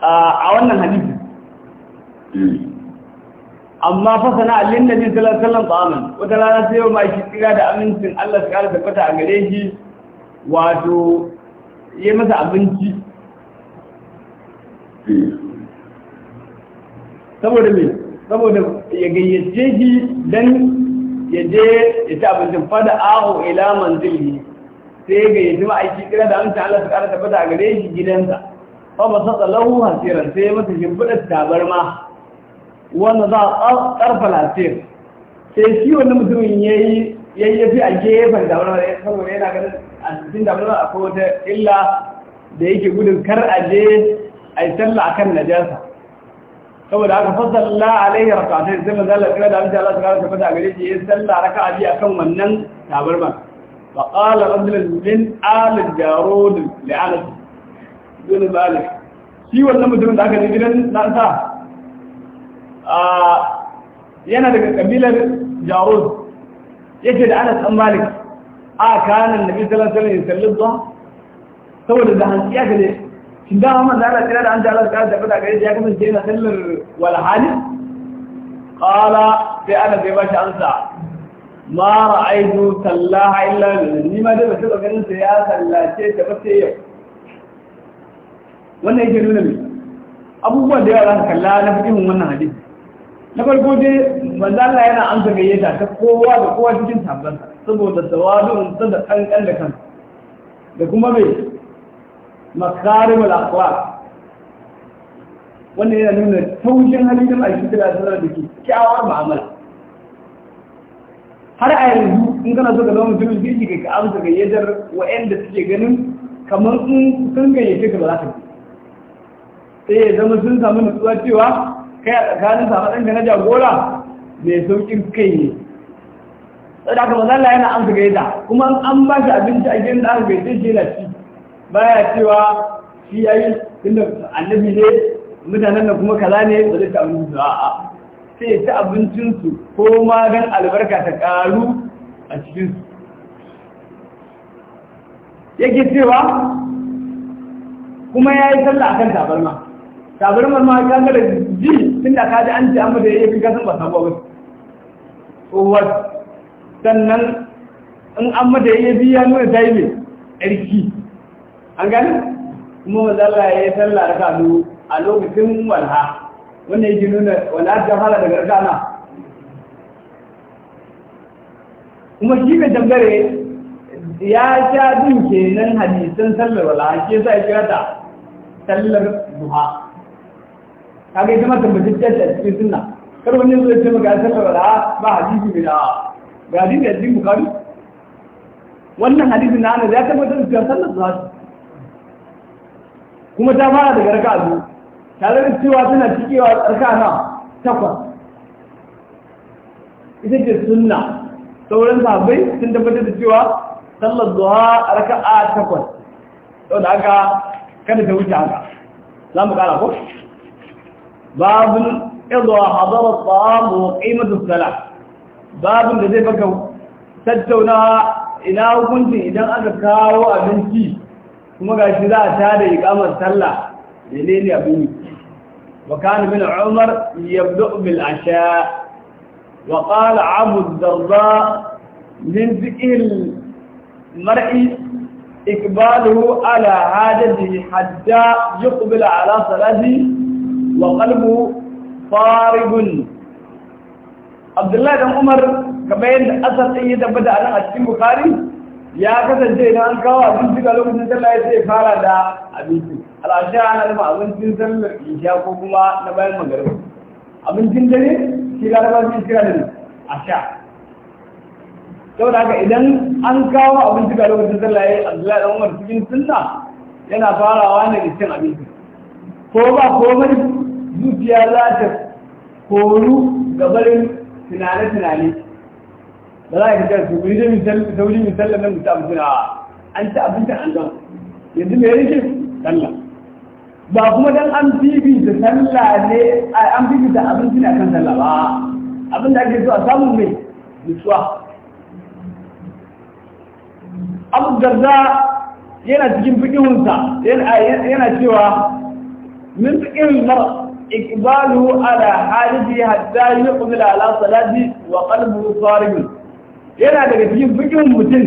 S1: a wannan hadisi hmm. amma fa sana allin nabi sallallahu alaihi wasallam ta'aman wata rana sai ma shi tsira da amincin Allah ta fata a gare shi wato yayi masa abinci saboda me saboda ya gayyace shi dan ya je ya ci abincin fada aho ila manzili sai ya gayyace ma aiki kira da amincin Allah ta fata a gare shi gidansa fa ba sa lahu hasiran sai ya masa shimfiɗa tabarma wanda za a ƙarfa lafiyar sai shi wannan mutumin ya yi ya yi fi a gefen damar saboda yana ganin a cikin damar akwai wata illa da yake gudun kar a je a yi sallah akan najasa saboda aka fasa fasalla alaihi rakatai sai manzo Allah kira da amince Allah ta wa ta'ala gare shi yayin sallah raka'a bi akan wannan tabarma fa qala rajulun min al jarud li'anati dun malik shi wannan mutumin da aka ji gidan dan sa yana daga kabilar jaruz yake da anas an malik a kanan nabi sallallahu alaihi zuwa. saboda da hanci ya gane shin da amma da Allah tare da an da Allah ta da ya kasance yana sallar wal hali qala sai ana bai shi ansa ma ra'aytu sallaha illa ni ma da ba taba ganin sa ya sallace ta ba sai yau wannan yake nuna me abubuwan da yawa za ka kalla na fikihin wannan hadisi na farko dai manzo Allah yana amsa gayyata ta kowa da kowa cikin sabbansa saboda tawadun ta da kankan da kan da kuma mai makarimul akhlaq wannan yana nuna taushin halin da ake kira sanar da ke kyawar mu'amala har a yanzu in kana so ka zama mutumin kirki ka amsa gayyatar wa'anda suke ganin kamar in sun gayyace ka ba za ka sai ya zama sun samu nutsuwa cewa kai a tsakanin sa matsanka na jagora mai saukin kai ne sai da aka yana an su gaida kuma an ba shi abinci a gidan da aka gaida shi da shi baya cewa shi ya yi tunda annabi ne mutanen da kuma kaza ne ba zai ta abinci a'a sai ta abincinsu ko ma don albarka ta ƙaru a cikinsu yake cewa kuma ya yi sallah akan tabarma tabarmar ma ya gara ji tun da kaji an ji an mata ya fi san ba sabuwa ba tsohuwar sannan in an ya yayi biya nuna ta yi mai tsarki an gani kuma mazalla ya yi sallah da kanu a lokacin walha wanda yake nuna wala ta fara daga rana kuma shi mai tambare ya sha bin kenan hadisan sallar wala ke sa ya kira ta sallar duha kaga ita ma tabbatacciyar ta cikin sunna kar wani zai ce maka san alwala ba hadisi ne da ga hadisi a cikin bukari wannan hadisi na ana ya tabbatar da cewa sallar za kuma ta fara daga raka'a biyu tare da cewa tana cikewa raka'a na takwas ita ce sunna sauran sahabbai sun tabbatar da cewa sallar zuwa zuha raka'a takwas saboda haka kada ta wuce haka za mu kara ko باب إضوى حضر الطعام وقيمة الصلاة باب الذي فكوا سجونا إناه كنت إذا أذكاه أبنتي ثم قال شراء إقامة الصلاة لليل أبني وكان من عمر يبدأ بالعشاء وقال عبد الضرباء من ذكر المرء إقباله على عادته حتى يقبل على صلاته wa qalbu faribun Abdullahi dan Umar kamar yadda asar ɗin ya tabbata a nan a cikin Bukhari ya kasance idan an kawo abinci ga lokacin sallah ya ce fara da abinci al'asha ana nufa abincin sallar isha ko kuma na bayan magariba abincin dare shi ga rabar bayan kira da asha da haka idan an kawo abinci ga lokacin sallah ya Abdullahi dan Umar cikin sunna yana farawa ne da cin abinci ko ba komai zuciya za ta koru gabarin tunane-tunane da za a yi fitar da misali misalin nan mutum suna an ci abincin an zama yanzu mai rikin sallah ba kuma don an bibita sallah ne an bibita abincin akan sallah ba abin da ake zuwa samun mai nutsuwa abu garza yana cikin fikihunsa yana cewa min fikihin mara إقباله على حالته حتى يقبل على صلاته وقلبه صارم yana daga cikin fikin mutum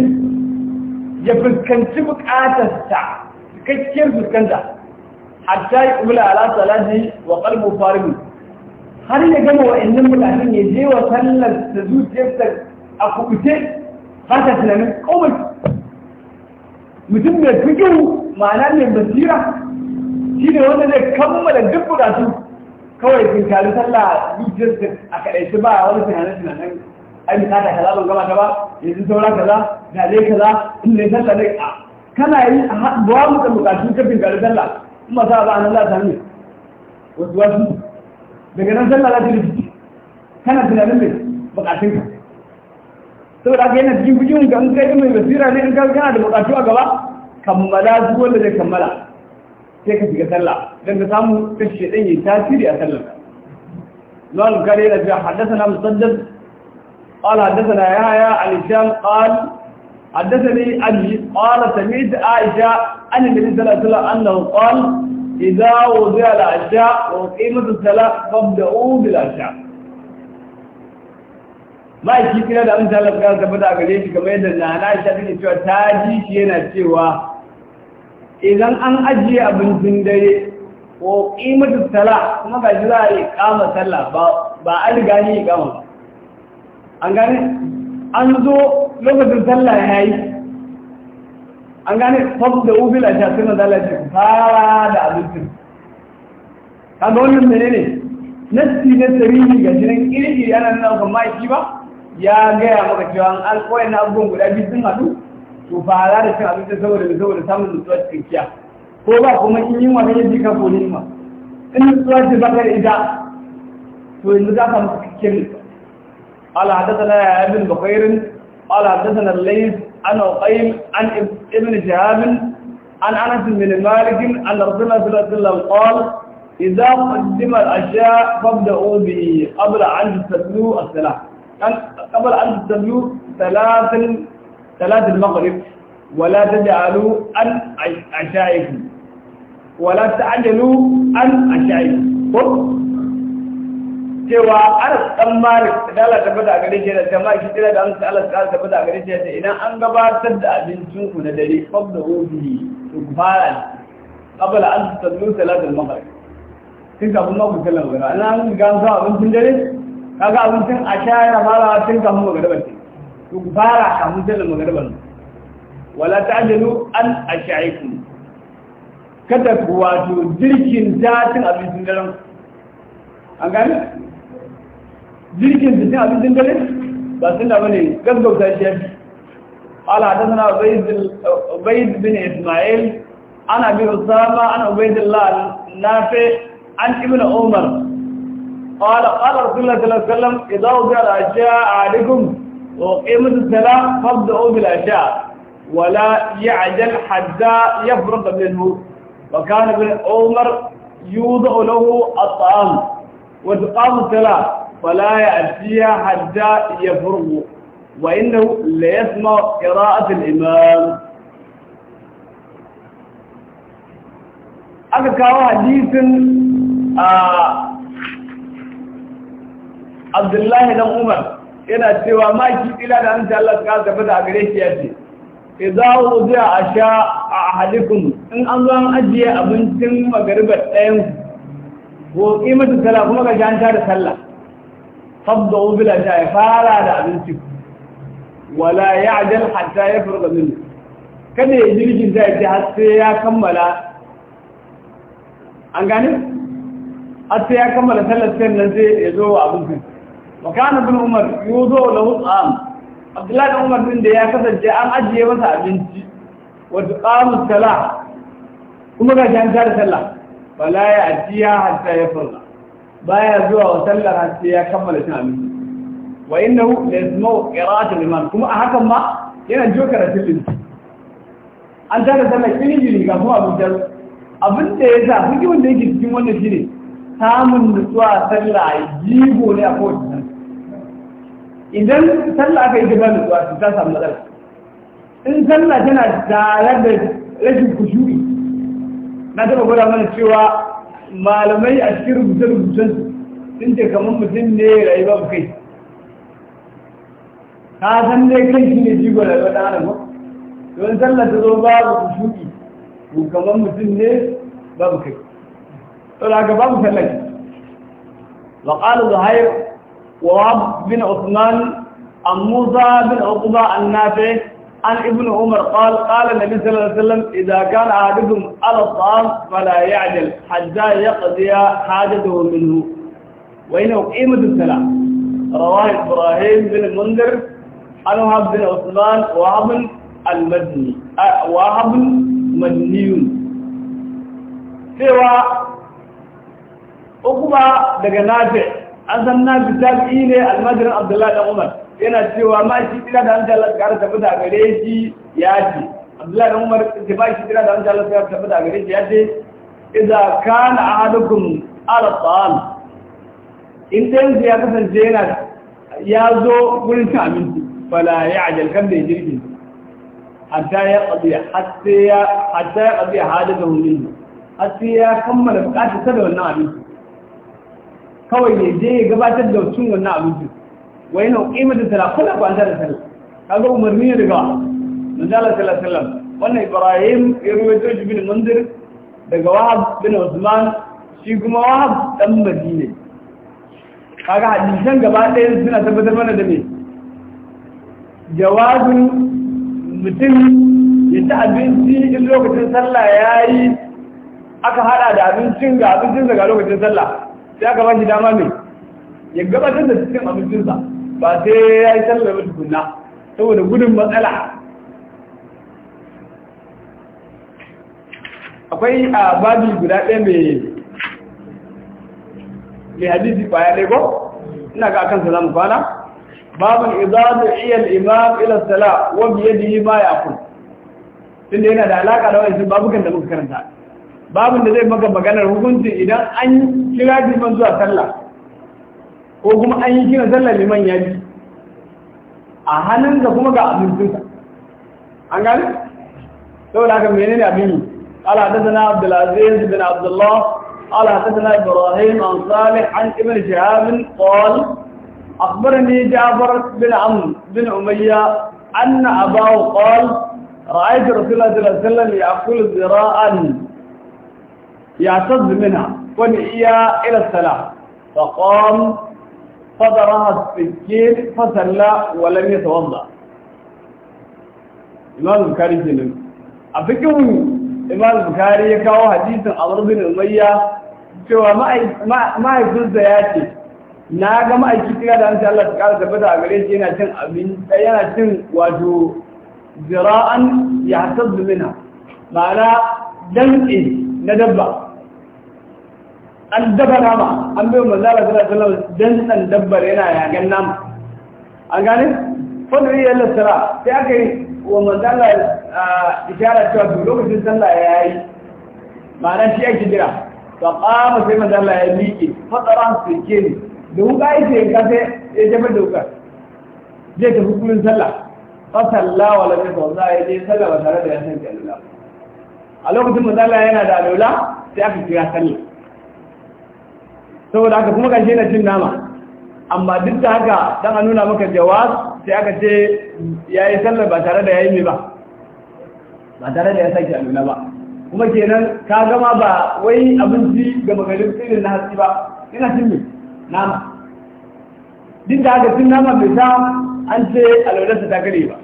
S1: ya fuskanci bukatarsa cikakkiyar fuskanta hatta yi ƙubula ala wa ƙalbu har ya gama wa'annan bukatun ya je wa sallar da zuciyarsa a kubuce ba ta tunanin komai mutum mai fikin ma'ana mai basira shi ne wanda zai kammala duk bukatu kawai tinkari sallah bitin a kaɗaice ba wani tunanin tunanin ai misali kaza ban gama ta ba yanzu saura kaza da dai kaza in ne sallah dai a kana yi ba mu da bukatun kafin tinkari sallah kuma sa ba nan za ta ne wasu wasu daga nan sallah za ta rubuce kana tunanin mai bukatun ka saboda haka yana cikin fijin ka in kai mai basira ne in ka kana da bukatu a gaba kammala duk wanda zai kammala sai ka shiga sallah dan ka samu ka shi dan yayi tasiri a sallar ka Imam Bukhari yana cewa haddathana Musaddad قال حدثنا يحيى عن هشام قال حدثني أبي قال سمعت عائشة أن النبي صلى الله عليه وسلم أنه قال إذا وضع العشاء وقيمة الصلاة فابدأوا بالعشاء ما يشي كنا da an talar kan tabbata a gare shi kamar yadda na na shi take cewa ta ji shi yana cewa idan an ajiye abincin dare ko ƙimatu tala kuma ga shi za a yi kama tala ba a riga ni kama an gane an zo lokacin tala ya yi an gane fab da ubila sha suna ce fara da abincin Kada wannan mene ne nassi na tarihi ga iri ƙirƙiri ana nuna ba ma ba ya gaya maka cewa an alkawai na abubuwan guda biyu sun hadu. to fara da cin abinci saboda mai saboda samun nutsuwa cikakkiya ko ba kuma in yi wani yadda ka ko nima in nutsuwa ce ba ka to yanzu za ka قال حدثنا يا ابن بخير قال حدثنا الليث عن عقيل عن ابن شهاب عن انس بن مالك عن رسول الله صلى الله عليه وسلم قال اذا قدم الاشياء فابدؤوا به قبل ان تسلوا الصلاه قبل ان تسلوا ثلاثا salatul maghrib wala taj'alu an ashaikum wala ta'jalu an ashaikum ko cewa ana tsammanin da Allah tabbata a gare shi da jama'a shi da Allah Allah ta tabbata a gare shi da idan an gabatar da abincin ku na dare fabda hobi to fara kabala an tusallu salatul maghrib kin ka mun ku kallon gara an an sa abincin dare kaga abincin a shaya fara tun ka mun gaba to fara a mujallar magarban wala ta'jalu an ashaikum kada ku to jirkin datin abincin daren an gani? jirkin datin abincin daren ba sun da bane gaggauta shi yafi قال حدثنا عبيد بن اسماعيل عن ابي اسامه عن عبيد الله النافع عن ابن عمر قال قال رسول الله صلى الله عليه وسلم اذا وجد اشياء عليكم وقيمة الصلاة فابدأوا بالعشاء ولا يعجل حتى يفرغ منه وكان ابن عمر يوضع له الطعام وتقام الصلاة فلا يأتيها حتى يفرغ وإنه ليسمع قراءة الإمام aka kawo hadisin a abdullahi dan umar yana cewa ma ki da hannun Allah su kasa da gare shi ya ce idza wuzi asha a ahadikum in an zo an ajiye abincin magariba ɗayan ko kimatu sala kuma ka shanta da sallah fabda bila sha fara da abinci wala ya'jal hatta yafruga min kada ya jirgin zai ji har sai ya kammala an gane har sai ya kammala sallar sai nan zai ya zo abincin wa kana bin umar yuzo lahu ta'am abdullahi da umar din da ya kasance an ajiye masa abinci wa tuqamu tala kuma ga shi an tare sallah la ya ajiya hatta ya Ba baya zuwa wa sallar har sai ya kammala cin abinci wa innahu la yasma'u qira'atul imam kuma a hakan ma yana jiyo karatun din an tare kini jini ga kuma abin abin da ya sa wanda ya yake cikin wannan shine samun nutsuwa sallah jigo ne a kowace idan sallah aka yi gaba nutsuwa to ta samu matsala in sallah tana tare da rashin kushuri na taɓa gwada mana cewa malamai a cikin rubuce-rubucen sun ce kamar mutum ne rayuwa ba kai Ta san dai kai shi ne jigo rayuwa ɗan adam don sallah ta zo babu kushuri to kamar mutum ne babu kai to da haka babu sallah وقال ظهير وواب بن عثمان عن موسى بن عقبة عن نافع عن ابن عمر قال قال النبي صلى الله عليه وسلم إذا كان أحدكم على الطعام فلا يعجل حتى يقضي حاجته منه وإنه قيمة السلام رواه إبراهيم بن المنذر عن وهب بن عثمان وهب المدني وهب مدني سوى أقبى دقنافع azanna bi tabi'i ne almajirin abdullahi dan umar yana cewa ma shi tira da hanta Allah kara tafi da gare shi ya ce abdullahi dan umar ce ba shi tira da hanta Allah kara tafi da gare shi ya ce idza kana ahadukum ala ta'am in yanzu ya kasance yana ya zo gurin cin abinci fala ya ajal kan da jirgi hatta ya qadiya hatta ya hatta ya qadiya hadithu minhu hatta ya kammala bukatar sa da wannan abinci kawai ne je ya gabatar da cin wannan abincin wai na ƙimar da sallah kuna ku da tara Ka kaga umarni ne daga manzala sallallahu alaihi wasallam wannan ibrahim ya rubuta shi bin munzir daga wahab bin usman shi kuma wahab dan madina kaga hadisan gaba ɗaya suna tabbatar mana da me Jawabin mutum ya ci abinci in lokacin sallah ya yi aka hada da abincin ga abincin daga lokacin sallah sai aka bashi dama mai ya gabatar da cikin abincinsa ba sai ya yi sallama tukunna saboda gudun matsala akwai a babi guda ɗaya mai mai hadisi kwaya ɗaya ko ina ga akan salamu kwana babin izadu iya imam ila sala wa biyadihi ma ya kun? tunda yana da alaka da wa'in babukan da muka karanta babin da zai maka maganar hukunci idan an kira liman zuwa sallah ko kuma an yi kira sallah liman ya bi a hannunsa kuma ga abincinsa an gani saboda haka menene abin yi قال حدثنا عبد العزيز بن عبد الله قال حدثنا ابراهيم عن صالح عن ابن شهاب قال اخبرني جعفر بن bin بن اميه ان اباه قال رايت رسول الله صلى الله عليه وسلم ياكل ذراعا يعتز منها ونئيا إلى السلام فقام فضرها السكين فسلى ولم يتوضا إمام البخاري جنب أفكر إمام البخاري يكاو حديث عمر بن أمية cewa mahaifinsa ya ce na ga ma'aiki tira da Allah ta kara tabbata a gare shi yana cin abin yana cin wato zira'an ya hasar zumina ma'ana dantse na dabba an daba nama an bai manzo Allah sallallahu alaihi wasallam dan dan dabbar yana yagan nama an gane fadri ya lasara sai aka yi wa manzo Allah ishara cewa duk lokacin sallah yayi ma'ana shi ake jira fa qama sai manzo Allah ya miƙe fatara ke ne da wuka yake yanka sai ya jefar da wuka zai tafi kullun sallah fa sallahu alaihi wasallam ya je sallah ba tare da ya san Allah a lokacin manzo Allah yana da alula sai aka kira sallah saboda haka kuma kashe na cin nama amma duk da haka dan a nuna maka jawab sai aka ce ya yi sallar ba tare da ya yi mai ba ba tare da ya sake nuna ba kuma kenan ka gama ba wai abinci ga magarin tsirin na hatsi ba ina cin mai nama duk da haka cin nama bai sa an ce alularsa ta kare ba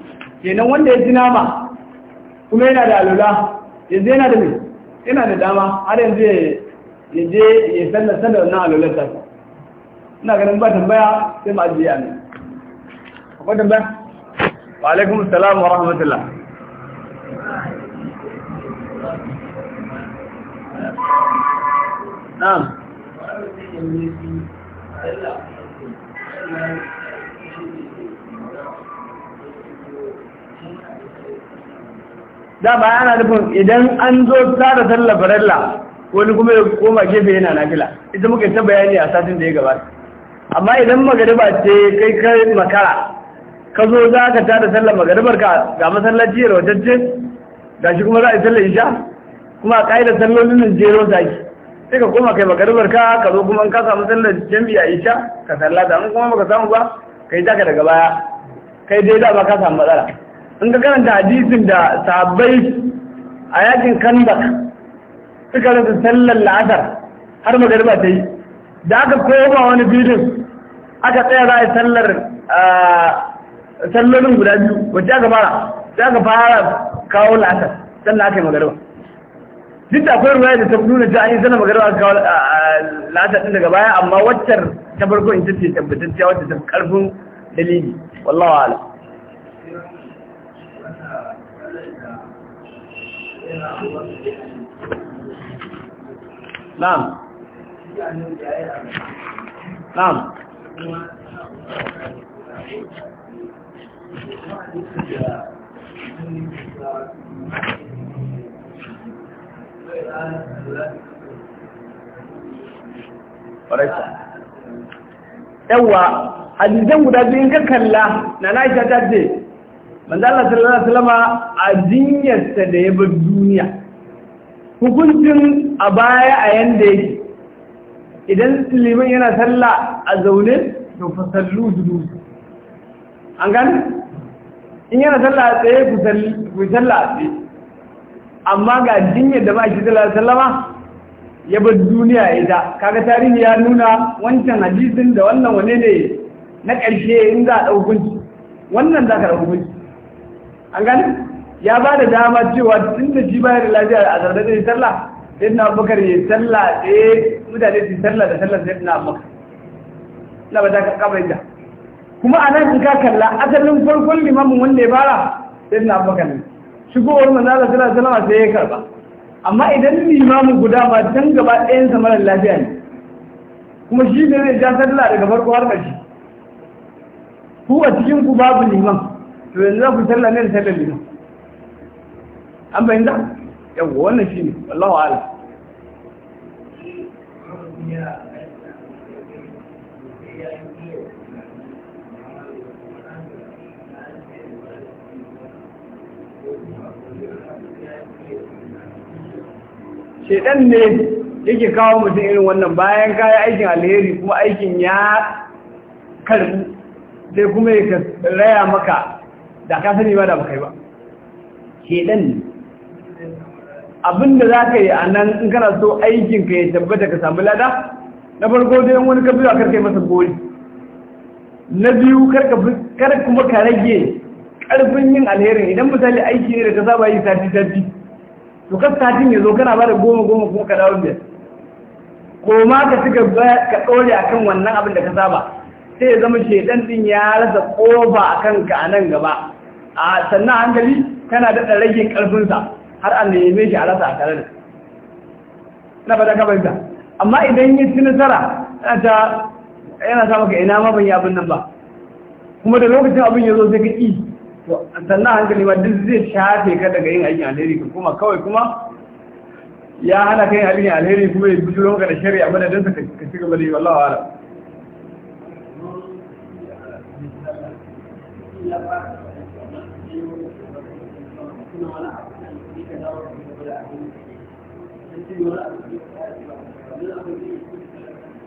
S1: kenan wanda ya ci nama kuma yana da alula yanzu yana da mai yana da dama har yanzu ya je ya sallar sallar na alwalar ta ina ganin ba tambaya sai ma ajiye ne akwai tambaya wa alaikum salam wa rahmatullah na'am da ba yana nufin idan an zo tsara sallar farilla wani kuma ya koma gefe yana nafila ita muka ta bayani a satin da ya gabata amma idan magariba ce kai kai makara ka zo za ka tada sallar magaribar ka ga masallaci rawatacce ga shi kuma za a yi sallar isha kuma a ƙa'idar sallolin nan jero zaki sai ka koma kai magaribar ka ka zo kuma ka samu sallar Jami a isha ka sallata in kuma baka samu ba ka yi taka daga baya kai dai dama ka samu matsala in ka karanta hadisin da sabai a yakin kandak suka rasa sallar la'asar har magariba ta yi da aka koma wani filin aka tsaya za a yi sallar sallonin guda biyu wacce aka fara sai aka fara kawo la'asar sannan aka yi magariba duk da akwai ruwaya da ta nuna cewa an yi sallar magariba aka kawo la'asar ɗin daga baya amma waccar ta farko in ta ce tabbatacciya wacce ta karfin dalili wallahu a'lam
S2: Thank you. na'am na'am
S1: yawwa hadisan guda biyun ka kalla na na ta ce manzo Allah a jinyarsa da ya bar duniya hukuncin a baya a yanda yake idan liman yana sallah a zaune to fa sallu julus an gani in yana sallah a tsaye ku sallah a tsaye amma ga jinyar da ba shi sallah sallama ya bar duniya ita kaga tarihi ya nuna wancan hadisin da wannan wane ne na ƙarshe in za a ɗaukunci, wannan za ka ɗaukunci, hukunci an gani ya ba da dama cewa tun da shi bayar da lafiya a zarda zai Talla, sai na abubakar ya sallah ɗaya eh, mutane su Talla da Talla sai na maka na ba ta ka kabarin da kuma a nan in ka kalla asalin farkon limamin wanda ya fara sai na maka ne shigowar manzala sallah salama sai ya karba amma idan limamin guda ba can gaba ɗayan sa lafiya ne kuma shi ne zai ja Talla daga farko har ƙarshe ku a cikin ku babu liman to yanzu za ku Talla ne da talla liman an fahimta yawa wannan shi ne wallahu ala shedan ne yake kawo mutum irin wannan bayan kayi aikin alheri kuma aikin ya karbi sai kuma ya raya maka da ka ba da bakai ba shedan ne Abin da za ka yi a nan in kana so aikinka ya tabbata ka samu lada na farko dai wani ka biyu a karka yi masa goli na biyu kar kuma ka rage karfin yin alherin idan misali aiki ne da ka saba yi sati sati to kan satin ya zo kana da goma goma kuma ka dawo biyar ko ma ka ci ka ɗore a kan wannan abin da ka saba sai ya zama shaidan din ya rasa ƙofa a kanka a nan gaba a sannan hankali kana daɗa rage ƙarfinsa har an neme shi a rasa a tare da na fata ka fahimta amma idan yi ci nasara ta yana sa maka ina ma ban yi abin nan ba kuma da lokacin abin ya zo sai ka ƙi to sannan hankali ba duk zai shafe ka daga yin aikin alheri ka kuma kawai kuma ya hana yin abin alheri kuma ya bujuro maka da shari'a don sa ka ci gaba da yi wallahi wa'ala
S2: Thank you.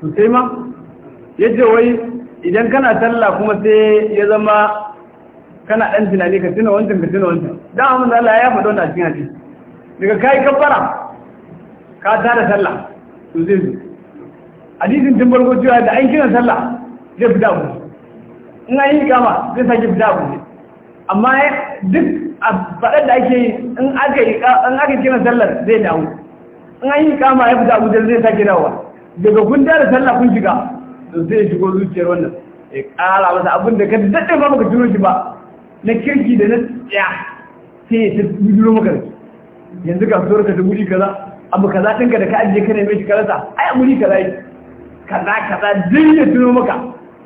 S1: sosai ma yadda wai idan kana talla kuma sai ya zama kana ɗan tunani ka tuna wancan ka tuna wancan don amma da Allah ya faɗo na cikin hadisi daga kai kafara ka da talla to zai zo hadisin tun farko cewa da an kina talla zai fita dabu in an yi kama zai sake fita abu amma duk a faɗar da ake yi in aka kina tallar zai dawo in an yi kama ya fita abuja zai sake dawowa daga kun da sallah kun shiga to sai ya shigo zuciyar wannan ya kara masa abin da ka daɗe ba baka turo shi ba na kirki da na tsaya sai ya ta bidiro maka da yanzu ka fito ka ta kaza abu kaza ɗinka da ka ajiye ka neme shi karasa ai a kaza kaza kaza kaza duk ya tuno maka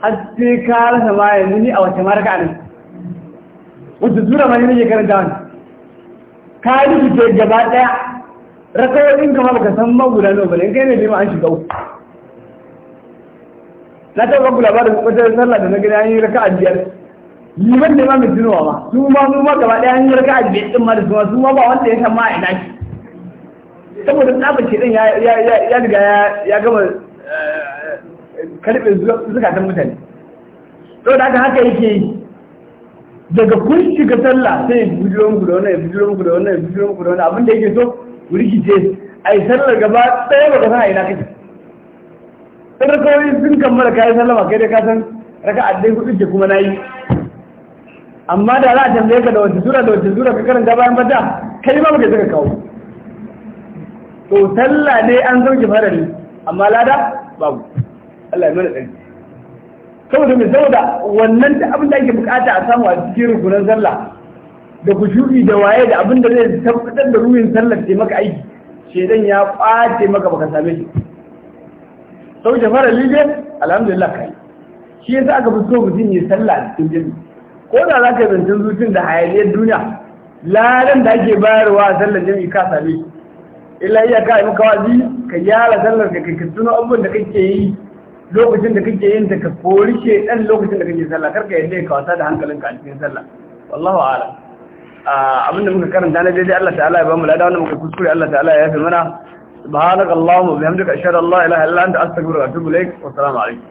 S1: har sai ka rasa ma yanzu ni a wace maraka ne wata tura ma ne nake karanta wani ka yi rubuce gaba ɗaya rakawoyin ka haka san magula nawa bane in kai ne ma an shiga uku na taɓa ku kuma wata sallah da na gani an yi raka'a biyar liman ne ma mai tunowa ma su ma su ma gaba ɗaya an yi raka'a biyar ɗin ma da su ma su ma ba wanda ya san ma a ina shi saboda tsabar ce ɗin ya riga ya gama eh, karɓe zukatan mutane saboda haka haka yake yi daga kun shiga sallah sai ya bujiro muku da wannan ya bujiro muku da wannan ya bujiro muku da wannan abin da yake so rikice a yi sallar gaba ɗaya ba ka san a yi na kai sun kammala kayan sallama kai da ka san raka addai kudu ce kuma na yi amma da za a tambaye ka da wata sura da wata sura ka karanta bayan bata kai ma muke suka kawo to sallah ne an fara farali amma lada babu Allah ya mana tsari saboda mai saboda wannan da abin da ake bukata a samu a cikin rukunan sallah da kushuri da waye da abin da zai tabbatar da ruhin sallar ce maka aiki shedan ya kwace maka baka same shi sau da fara lije alhamdulillah kai shi yasa aka fi so mutum ya sallah a cikin jini ko da za ka yi zancen zucin da hayaniyar duniya ladan da ake bayarwa a sallar jini ka same shi illa iya ka yi maka wazi ka gyara sallar ka kai tuno abubuwan da kake yi lokacin da kake yin ta ka kori shedan lokacin da kake sallah karka yadda ya kawata da hankalinka a cikin sallah wallahu a'lam abinda muka karanta na daidai Allah ta'ala ya ba mu lada wanda muka kuskure Allah ta'ala ya yafe mana subhanakallahumma bihamdika ashhadu an la ilaha illa anta astaghfiruka wa atubu ilaik wa assalamu alaikum